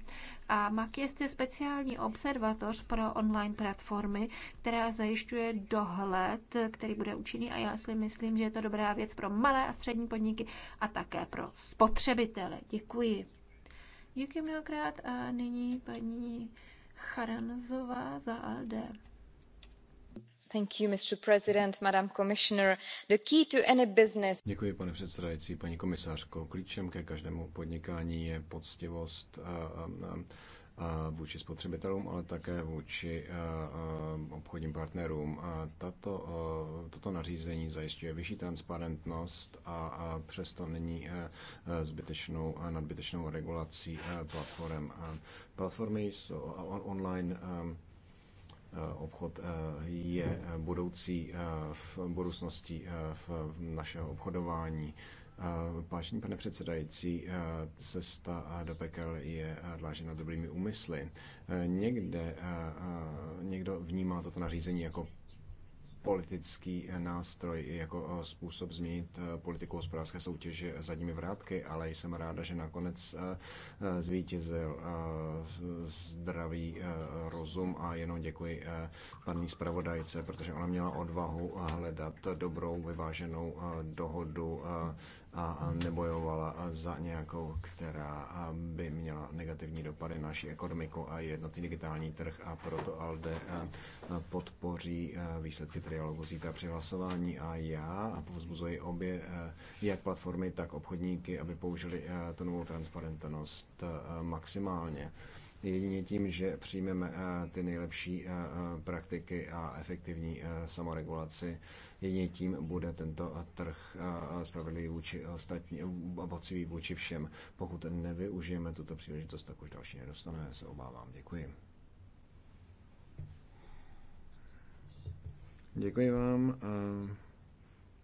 Speaker 3: A MAC je speciální observatoř pro online platformy, která zajišťuje dohled, který bude účinný a já si myslím, že je to dobrá věc pro malé a střední podniky a také pro spotřebitele. Děkuji. Děkuji mnohokrát a nyní paní Charanzová za ALDE.
Speaker 2: Děkuji, pane předsedající, paní komisařko. Klíčem ke každému podnikání je poctivost vůči spotřebitelům, ale také vůči obchodním partnerům. Tato, toto nařízení zajišťuje vyšší transparentnost a přesto není zbytečnou nadbytečnou regulací platform. Platformy jsou online Eh, obchod eh, je eh, budoucí v budoucnosti v našeho obchodování. Vážený pane předsedající, cesta do pekel je dlážena dobrými úmysly. Někde někdo vnímá toto nařízení jako politický nástroj jako eh, způsob změnit eh, politiku hospodářské soutěže zadními vrátky, ale jsem ráda, že nakonec eh, zvítězil zdravý rozum a jenom děkuji paní zpravodajce, protože ona měla odvahu hledat dobrou vyváženou dohodu a nebojovala za nějakou, která by měla negativní dopady na naši ekonomiku a jednotný digitální trh a proto ALDE podpoří výsledky které trialogu zítra při hlasování a já povzbuzuji obě, eh, jak platformy, tak obchodníky, aby použili eh, tu novou transparentnost eh, maximálně. Jedině tím, že přijmeme ty nejlepší praktiky a efektivní samoregulaci, jedině tím bude tento trh spravedlivý vůči ostatní, a vůči všem. Pokud nevyužijeme tuto příležitost, tak už další nedostaneme, se obávám. Děkuji. Děkuji vám.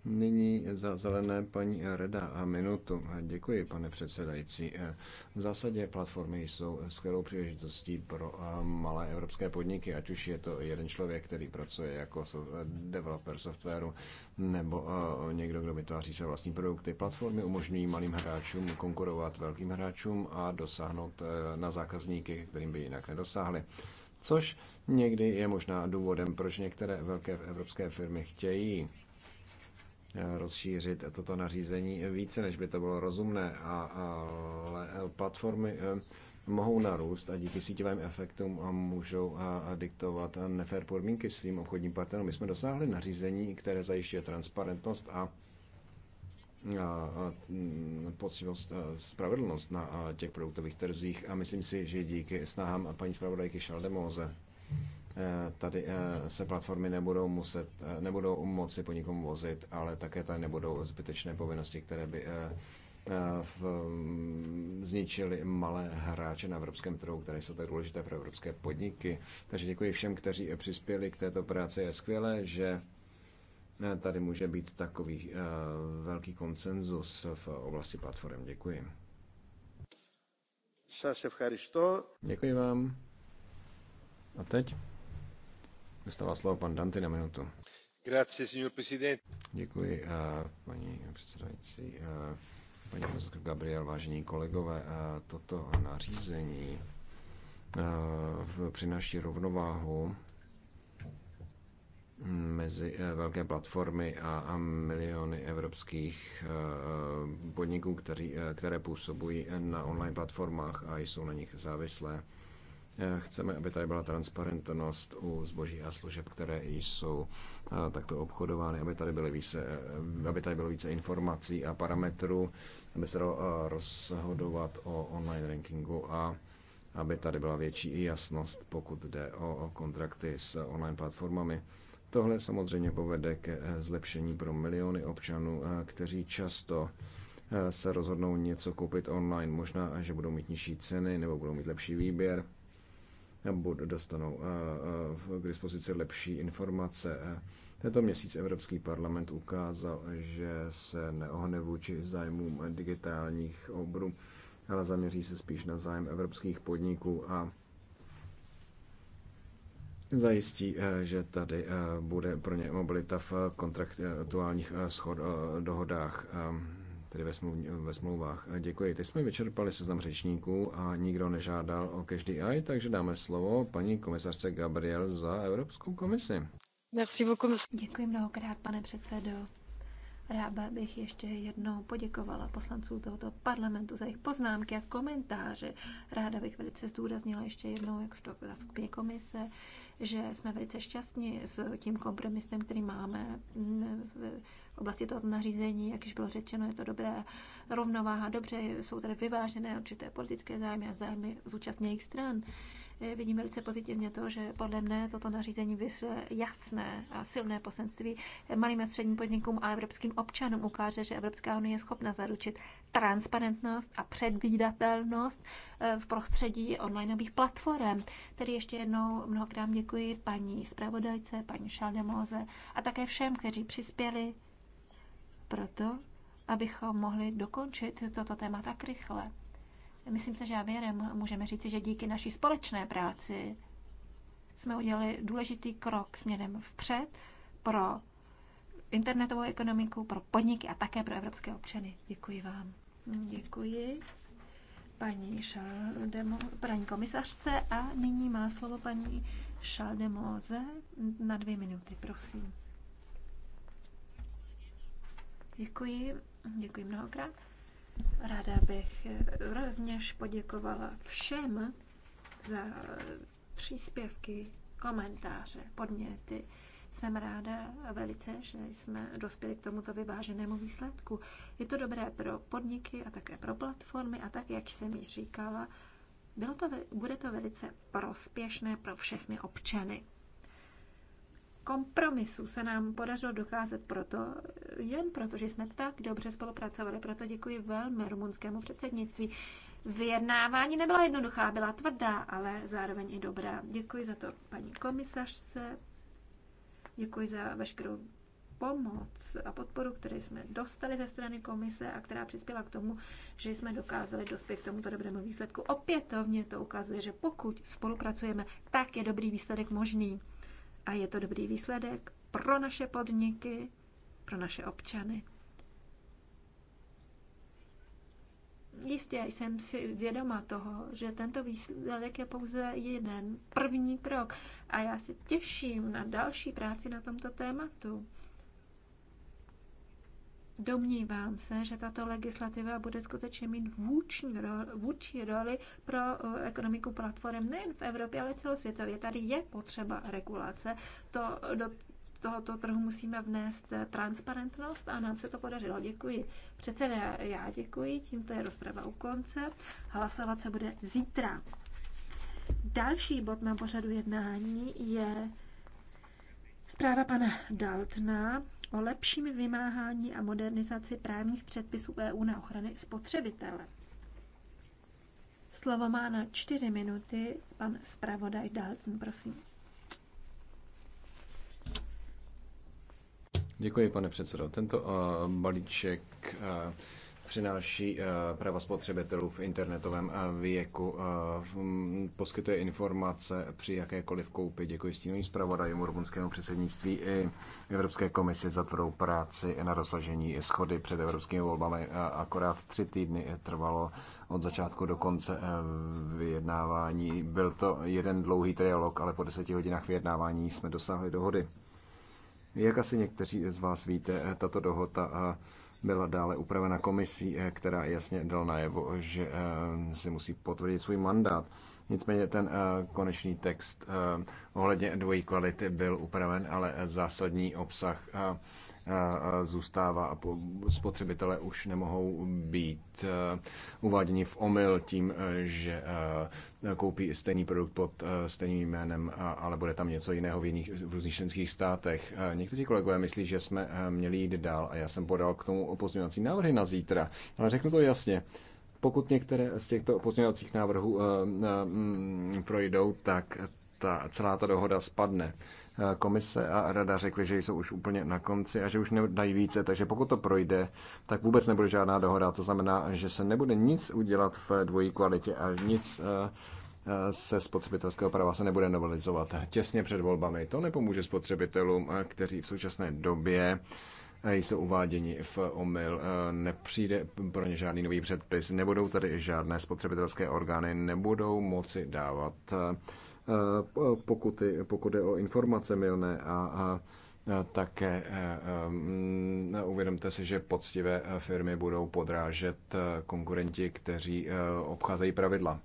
Speaker 2: Nyní za zelené paní Reda a minutu. Děkuji, pane předsedající. V zásadě platformy jsou skvělou příležitostí pro malé evropské podniky, ať už je to jeden člověk, který pracuje jako developer softwaru, nebo eh, někdo, kdo vytváří své vlastní produkty. Platformy umožňují malým hráčům konkurovat velkým hráčům a dosáhnout eh, na zákazníky, kterým by jinak nedosáhli což někdy je možná důvodem, proč některé velké evropské firmy chtějí eh, rozšířit toto nařízení více, než by to bylo rozumné, a, ale eh, platformy eh, mohou narůst a díky síťovým efektům můžou diktovat nefér podmínky svým obchodním partnerům. My jsme dosáhli nařízení, které zajišťuje transparentnost a Mm, poctivost, spravedlnost na těch produktových trzích a myslím si, že díky snahám paní zpravodajky Šaldemóze e, tady e, se platformy nebudou muset, e, nebudou moci po nikomu vozit, ale také tady nebudou zbytečné povinnosti, které by v, mm, zničili malé hráče na evropském trhu, které jsou tak důležité pro evropské podniky. Takže děkuji všem, kteří přispěli k této práci. Je skvělé, že tady může být takový eh, velký konsenzus v oblasti platform. Děkuji. Děkuji vám. A teď dostává slovo pan Danty na minutu. Grazie, signor Presidente. Děkuji, eh, paní předsedající. Eh, paní profesor Gabriel, vážení kolegové, toto nařízení přináší rovnováhu mezi eh, velké platformy a miliony evropských eh, podniků, eh, které působují na online platformách a jsou na nich závislé. Chceme, aby tady byla transparentnost u zboží a služeb, které jsou takto obchodovány, aby tady, byly více, aby tady bylo více informací a parametrů, aby se dalo rozhodovat o online rankingu a aby tady byla větší jasnost, pokud jde o kontrakty s online platformami. Tohle samozřejmě povede ke eh, zlepšení pro miliony občanů, eh, kteří často eh, se rozhodnou něco koupit online. Možná, že budou mít nižší ceny nebo budou mít lepší výběr nebo dostanou k dispozici lepší informace. Tento měsíc Evropský parlament ukázal, že se neohne vůči zájmům digitálních obrů, ale zaměří se spíš na zájem evropských podniků a zajistí, eh, že tady eh, bude pro ně mobilita v eh, kontraktuálních schod, dohodách, tedy ve, smluv, ve smlouvách. Děkuji. Teď jsme vyčerpali seznam řečníků a nikdo nežádal o každý AI, takže dáme slovo paní komisařce Gabriel za Evropskou komisi.
Speaker 1: Merci beaucoup.
Speaker 3: Děkuji mnohokrát, pane předsedo. Ráda bych ještě jednou poděkovala poslancům tohoto parlamentu za jejich poznámky a komentáře. Ráda bych velice zdůraznila ještě jednou, jakožto za skupiny komise, že jsme velice šťastní s tím kompromisem, který máme v oblasti toho nařízení. Jak již bylo řečeno, je to dobré rovnováha, dobře, jsou tady vyvážené určité politické zájmy a zájmy zúčastněných stran. Vidím velice pozitivně to, že podle mne toto nařízení vyšle jasné a silné posenství malým a středním podnikům a evropským občanům ukáže, že Evropská unie je schopna zaručit transparentnost a předvídatelnost eh, v prostředí onlineových platform. Tedy ještě jednou mnohokrát děkuji paní zpravodajce, paní Šaldemóze a také všem, kteří přispěli proto, abychom mohli dokončit toto téma tak rychle. Myslím se, že já věrem můžeme říci, že díky naší společné práci jsme udělali důležitý krok směrem vpřed pro internetovou ekonomiku, pro podniky a také pro evropské občany. Děkuji vám. Děkuji paní, Šaldemo, paní komisařce a nyní má slovo paní Šaldemoze na dvě minuty, prosím. Děkuji, děkuji mnohokrát. Ráda bych rovněž poděkovala všem za příspěvky, komentáře, podněty. Jsem ráda velice, že jsme dospěli k tomuto vyváženému výsledku. Je to dobré pro podniky a také pro platformy a tak, jak jsem již říkala, bylo to, bude to velice prospěšné pro všechny občany. Kompromisu se nám podařilo dokázat proto, jen proto, že jsme tak dobře spolupracovali. Proto děkuji velmi rumunskému předsednictví. Vyjednávání nebyla jednoduchá, byla tvrdá, ale zároveň i dobrá. Děkuji za to paní komisařce, Děkuji za veškerou pomoc a podporu, které jsme dostali ze strany komise a která přispěla k tomu, že jsme dokázali dospět k tomuto dobrému výsledku. Opětovně to ukazuje, že pokud spolupracujeme, tak je dobrý výsledek možný. A je to dobrý výsledek pro naše podniky, pro naše občany. Jistě jsem si vědoma toho, že tento výsledek je pouze jeden první krok a já se těším na další práci na tomto tématu. Domnívám se, že tato legislativa bude skutečně mít vůční roli, vůči roli pro eh, ekonomiku platform nejen v Evropě, ale celosvětově. Tady je potřeba regulace. To do, tohoto trhu musíme vnést eh, transparentnost a nám se to podařilo. Děkuji. Předseda, já děkuji, tímto je rozprava u konce. Hlasovat se bude zítra. Další bod na pořadu jednání je zpráva pana Daltna o lepším vymáhání a modernizaci právních předpisů EU na ochrany spotřebitele. Slovo má na čtyři minuty pan zpravodaj Dalton, prosím.
Speaker 2: Děkuji, pane předsedo. Tento uh, balíček uh, přináší eh, práva spotřebitelů v internetovém věku, poskytuje informace při jakékoliv koupi. Děkuji stínovým zpravodajům rumunskému předsednictví i Evropské komisi za tvrdou práci na dosažení schody před evropskými volbami. Akorát tři týdny trvalo od začátku do konce vyjednávání. Byl to jeden dlouhý trialog, ale po deseti hodinách vyjednávání jsme dosáhli dohody. Jak asi někteří z vás víte, eh, tato dohoda eh, byla dále upravena komisí, eh, která jasně dala najevo, že si musí potvrdit svůj mandát. Nicméně ten konečný text ohledně dvojí kvality byl upraven, ale zásadní obsah zůstává a spotřebitelé už nemohou být e, uváděni v omyl tím, e, že e, koupí stejný produkt pod stejným jménem, ale bude tam něco jiného v, jiných, v různých členských státech. Někteří kolegové myslí, že jsme měli jít dál a já jsem podal k tomu pozměňovací návrhy na zítra, ale řeknu to jasně. Pokud některé z těchto pozměňovacích návrhů projdou, tak ta celá ta dohoda spadne. Eh, komise a rada řekli, že jsou už úplně na konci a že už nedají více, takže pokud to projde, tak vůbec nebude žádná dohoda. To znamená, že se nebude nic udělat v dvojí kvalitě a nic eh, eh, se spotřebitelského práva se nebude novelizovat těsně před volbami. To nepomůže spotřebitelům, kteří v současné době jsou uváděni v omyl, nepřijde pro ně žádný nový předpis, nebudou tady žádné spotřebitelské orgány, nebudou moci dávat Eh, pokuty, pokud je o informace milné a, a také eh, eh, uvědomte si, že poctivé firmy budou podrážet konkurenti, kteří obcházejí pravidla.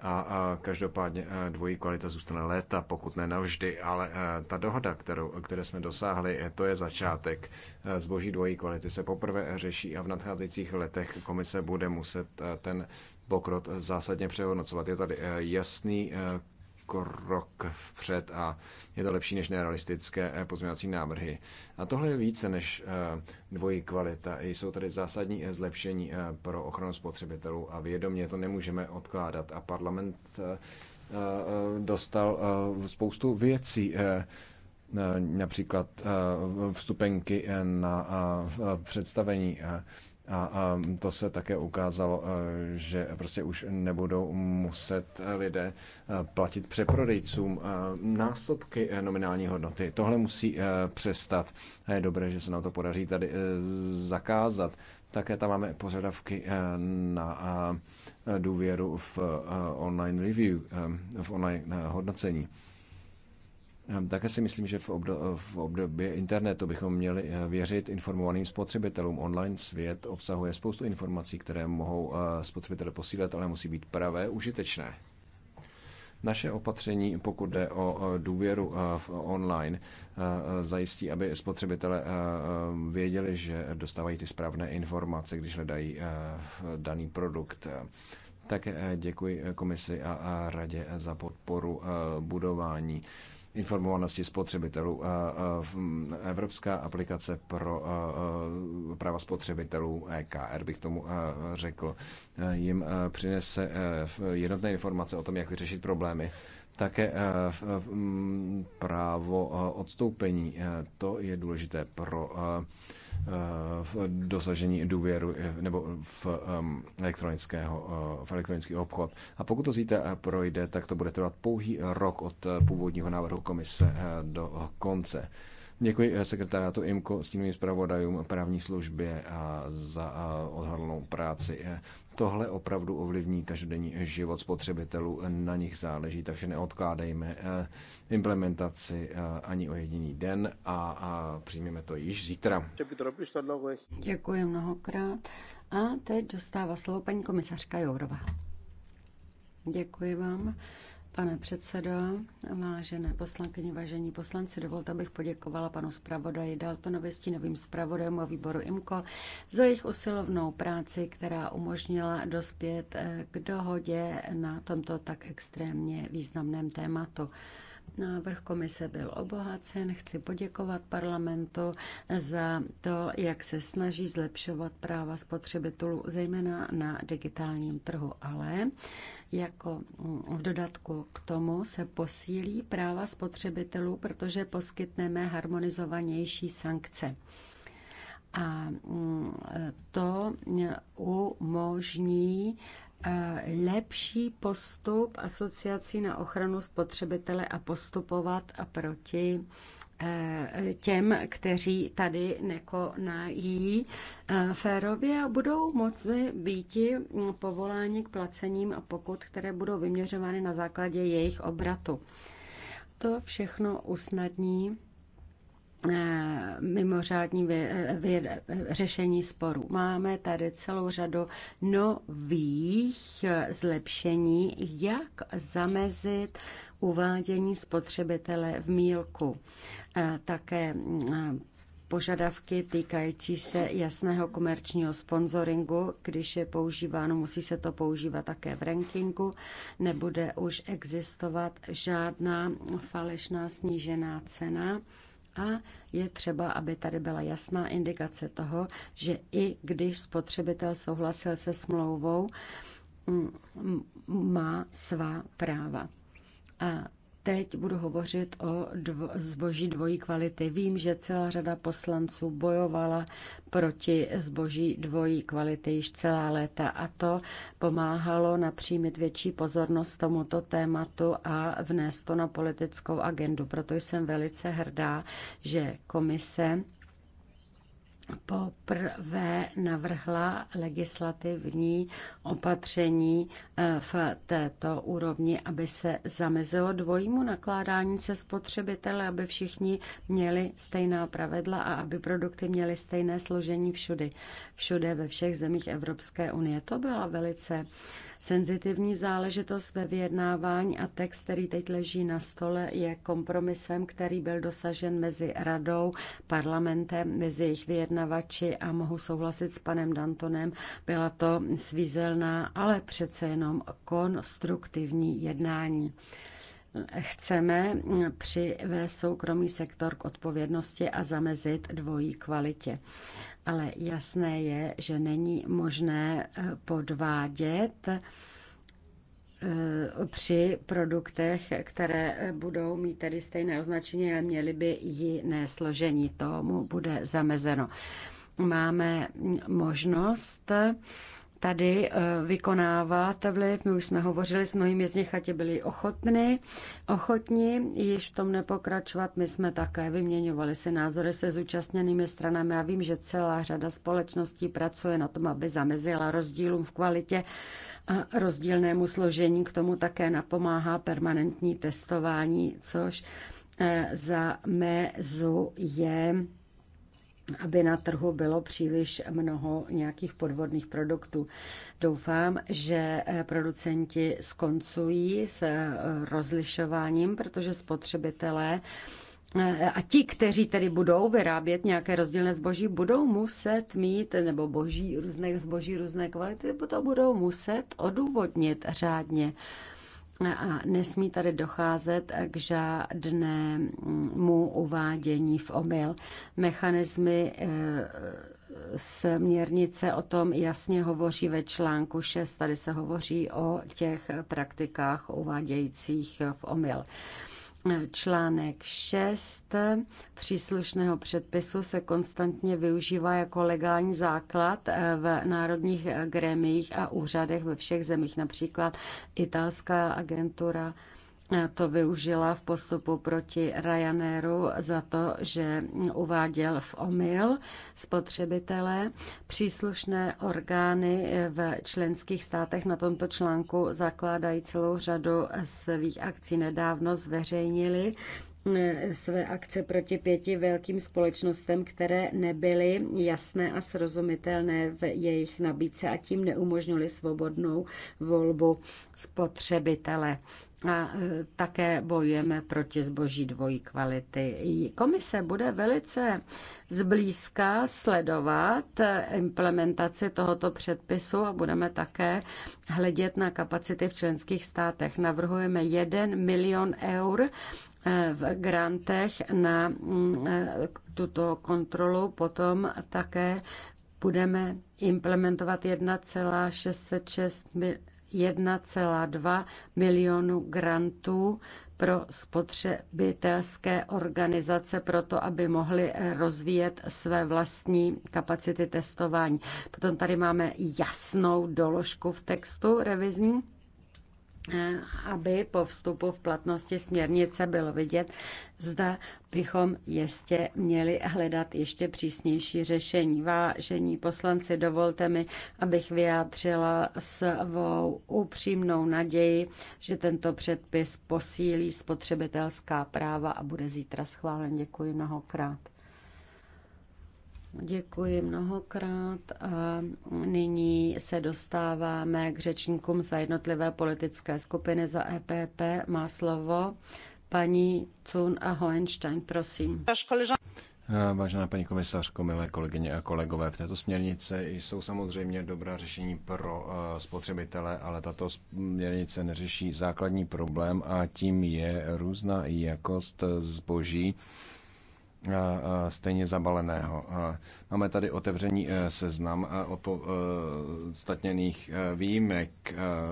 Speaker 2: A, a každopádně dvojí kvalita zůstane léta, pokud ne navždy, ale ta dohoda, kterou, které jsme dosáhli, to je začátek. Zboží dvojí kvality se poprvé řeší a v nadcházejících letech komise bude muset ten pokrok zásadně přehodnocovat. Je tady jasný krok vpřed a je to lepší než nerealistické eh, pozměňovací návrhy. A tohle je více než eh, dvojí kvalita. Jsou tady zásadní eh, zlepšení pro ochranu spotřebitelů a vědomě to nemůžeme odkládat. A parlament dostal spoustu věcí, například vstupenky na představení a, a to se také ukázalo, e, že prostě už nebudou muset lidé e, platit přeprodejcům e, násobky nominální hodnoty. Tohle musí přestat a je dobré, že se nám to podaří tady zakázat. Také tam máme požadavky na důvěru v online review, v online hodnocení. Ehm, také si myslím, že v, období internetu bychom měli eh, věřit informovaným spotřebitelům. Online svět obsahuje spoustu informací, které mohou eh, spotřebitele posílat, ale musí být pravé, užitečné. Naše opatření, pokud jde o eh, důvěru v online, zajistí, aby spotřebitele věděli, že dostávají ty správné informace, když hledají daný produkt. Také děkuji komisi a radě za podporu budování informovanosti spotřebitelů. Evropská aplikace pro práva spotřebitelů EKR bych tomu řekl, jim přinese e, jednotné informace o tom, jak vyřešit problémy také e, právo odstoupení. E, to je důležité pro v dosažení důvěru nebo v, elektronického, eh, v elektronický obchod. A pokud to zítra eh, projde, tak to bude trvat pouhý rok od eh, původního návrhu komise do konce. Děkuji sekretariátu IMCO, stínovým zpravodajům právní službě a za odhodlnou práci. Tohle opravdu ovlivní každodenní život spotřebitelů, na nich záleží, takže neodkládejme eh, implementaci eh, ani o jediný den a, a přijmeme to již zítra.
Speaker 1: Děkuji mnohokrát. A teď dostává slovo paní komisařka Jourová. Děkuji vám. Pane předsedo, vážené poslankyně, vážení poslanci, dovolte, abych poděkovala panu zpravodaji Daltonovi, novým zpravodajům a výboru IMKO za jejich usilovnou práci, která umožnila dospět eh, k dohodě na tomto tak extrémně významném tématu. Návrh komise byl obohacen. Chci poděkovat parlamentu za to, jak se snaží zlepšovat práva spotřebitelů, zejména na digitálním trhu. Ale jako mm, v dodatku k tomu se posílí práva spotřebitelů, protože poskytneme harmonizovanější sankce. A mm, to umožní e, lepší postup asociací na ochranu spotřebitele a postupovat a proti Eh, těm, kteří tady nekonají eh, férově a budou moci být povoláni k placením a pokud, které budou vyměřovány na základě jejich obratu. To všechno usnadní Eh, mimořádní vy, eh, vy, eh, řešení sporů. Máme tady celou řadu nových zlepšení, jak zamezit uvádění spotřebitele v mílku. Také požadavky týkající se jasného komerčního sponsoringu. Když je používáno, musí se to používat také v rankingu. Nebude už existovat žádná falešná snížená cena a je třeba, aby tady byla jasná indikace toho, že i když spotřebitel souhlasil se smlouvou, mm, má svá práva. A Teď budu hovořit o dvo, zboží dvojí kvality. Vím, že celá řada poslanců bojovala proti zboží dvojí kvality již celá léta a to pomáhalo napřímit větší pozornost tomuto tématu a vnést to na politickou agendu. Proto jsem velice hrdá, že komise poprvé navrhla legislativní opatření eh, v této úrovni, aby se zamezilo dvojímu nakládání se spotřebiteli, aby všichni měli stejná pravidla a aby produkty měly stejné složení všude, všude ve všech zemích Evropské unie. To byla velice senzitivní záležitost ve vyjednávání a text, který teď leží na stole, je kompromisem, který byl dosažen mezi radou, parlamentem, mezi jejich vyjednavači a mohu souhlasit s panem Dantonem. Byla to svízelná, ale přece jenom konstruktivní jednání chceme přivést soukromý sektor k odpovědnosti a zamezit dvojí kvalitě ale jasné je, že není možné eh, podvádět eh, při produktech, které eh, budou mít tedy stejné označení, ale měly by jiné složení. Tomu bude zamezeno. Máme možnost tady eh, vykonávat vliv. My už jsme hovořili s mnohými z nich ať byli ochotní, ochotní již v tom nepokračovat. My jsme také vyměňovali si názory se zúčastněnými stranami. Já vím, že celá řada společností pracuje na tom, aby zamezila rozdílům v kvalitě a rozdílnému složení. K tomu také napomáhá permanentní testování, což eh, za je aby na trhu bylo příliš mnoho nějakých podvodných produktů. Doufám, že eh, producenti skoncují s eh, rozlišováním, protože spotřebitelé eh, a ti, kteří tedy budou vyrábět nějaké rozdílné zboží, budou muset mít, nebo boží, různé zboží různé kvality, to budou muset odůvodnit řádně a nesmí tady docházet k žádnému uvádění v omyl. Mechanismy eh, směrnice o tom jasně hovoří ve článku 6. Tady se hovoří o těch praktikách uvádějících v omyl. Článek 6 příslušného předpisu se konstantně využívá jako legální základ eh, v národních gremiích a úřadech ve všech zemích, například italská agentura to využila v postupu proti Ryanairu za to, že uváděl v omyl spotřebitele. Příslušné orgány v členských státech na tomto článku zakládají celou řadu svých akcí. Nedávno zveřejnili Eh, své akce proti pěti velkým společnostem, které nebyly jasné a srozumitelné v jejich nabídce a tím neumožnili svobodnou volbu spotřebitele. A eh, také bojujeme proti zboží dvojí kvality. Komise bude velice zblízka sledovat eh, implementaci tohoto předpisu a budeme také hledět na kapacity v členských státech. Navrhujeme 1 milion eur v grantech na mm, tuto kontrolu. Potom také budeme implementovat 1,606 1,2 milionu grantů pro spotřebitelské organizace proto, aby mohly rozvíjet své vlastní kapacity testování. Potom tady máme jasnou doložku v textu revizní Eh, aby po vstupu v platnosti směrnice bylo vidět, zda bychom jistě měli hledat ještě přísnější řešení. Vážení poslanci, dovolte mi, abych vyjádřila svou upřímnou naději, že tento předpis posílí spotřebitelská práva a bude zítra schválen. Děkuji mnohokrát. Děkuji mnohokrát a nyní se dostáváme k řečníkům za jednotlivé politické skupiny. Za EPP má slovo paní Cun a Hohenstein, prosím.
Speaker 2: Vážená paní komisařko, milé kolegyně a kolegové, v této směrnice jsou samozřejmě dobrá řešení pro eh, spotřebitele, ale tato směrnice neřeší základní problém a tím je různá jakost zboží stejně zabaleného. Máme tady otevření e, seznam e, opodstatněných e, výjimek,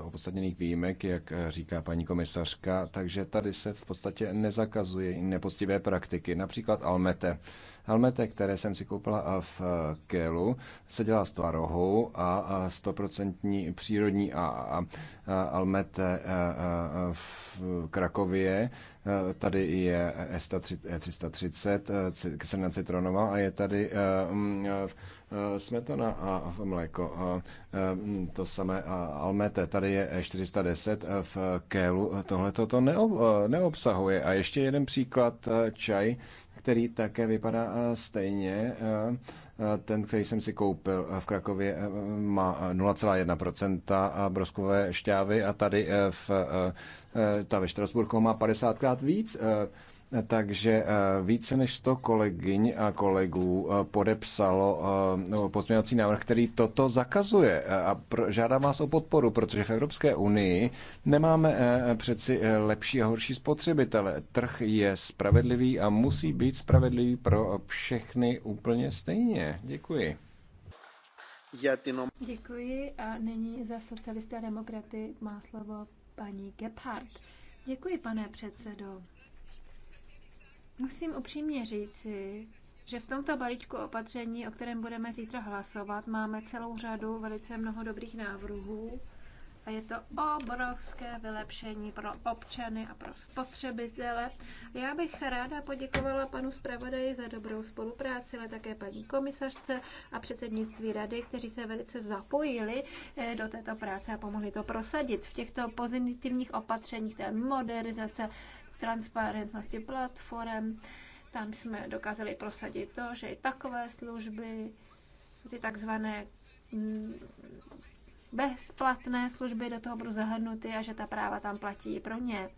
Speaker 2: opodstatněných výjimek, jak říká paní komisařka, takže tady se v podstatě nezakazuje nepostivé praktiky, například Almete. Helmetek, které jsem si koupila v eh, Kelu, se dělá z tvarohu a stoprocentní přírodní a helmete eh, eh, v Krakově. Tady je ESTA e 330, kyselina citronová a je tady mm, smetana a mléko. To samé almete. Tady je 410 e v Kélu. Tohle to neobsahuje. A ještě jeden příklad čaj, který také vypadá eh, stejně. Eh, eh, ten, který jsem si koupil v Krakově, má 0,1% broskové šťávy a tady v, ta ve Štrasburku má 50krát víc takže eh, více než 100 kolegyň a kolegů eh, podepsalo eh, pozměňovací návrh, který toto zakazuje. A žádám vás o podporu, protože v Evropské unii nemáme přeci lepší a horší spotřebitele. Trh je spravedlivý a musí být spravedlivý pro všechny úplně stejně. Děkuji.
Speaker 3: Děkuji a nyní za socialisté a demokraty má slovo paní Gebhardt. Děkuji, pane předsedo. Musím upřímně říci, že v tomto balíčku opatření, o kterém budeme zítra hlasovat, máme celou řadu velice mnoho dobrých návrhů a je to obrovské vylepšení pro občany a pro spotřebitele. Já bych ráda poděkovala panu zpravodaji za dobrou spolupráci, ale také paní komisařce a předsednictví rady, kteří se velice zapojili eh, do této práce a pomohli to prosadit. V těchto pozitivních opatřeních té modernizace transparentnosti platform. Tam jsme dokázali prosadit to, že i takové služby, ty takzvané mm, bezplatné služby do toho budou zahrnuty a že ta práva tam platí pro ně.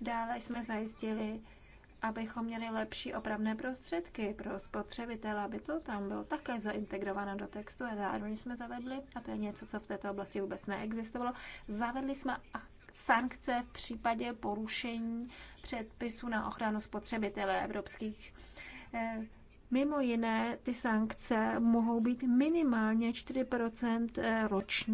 Speaker 3: Dále jsme zajistili, abychom měli lepší opravné prostředky pro spotřebitele, aby to tam bylo také zaintegrováno do textu a zároveň jsme zavedli, a to je něco, co v této oblasti vůbec neexistovalo, zavedli jsme sankce v případě porušení předpisu na ochranu spotřebitele evropských. Eh, mimo jiné, ty sankce mohou být minimálně 4 eh, ročně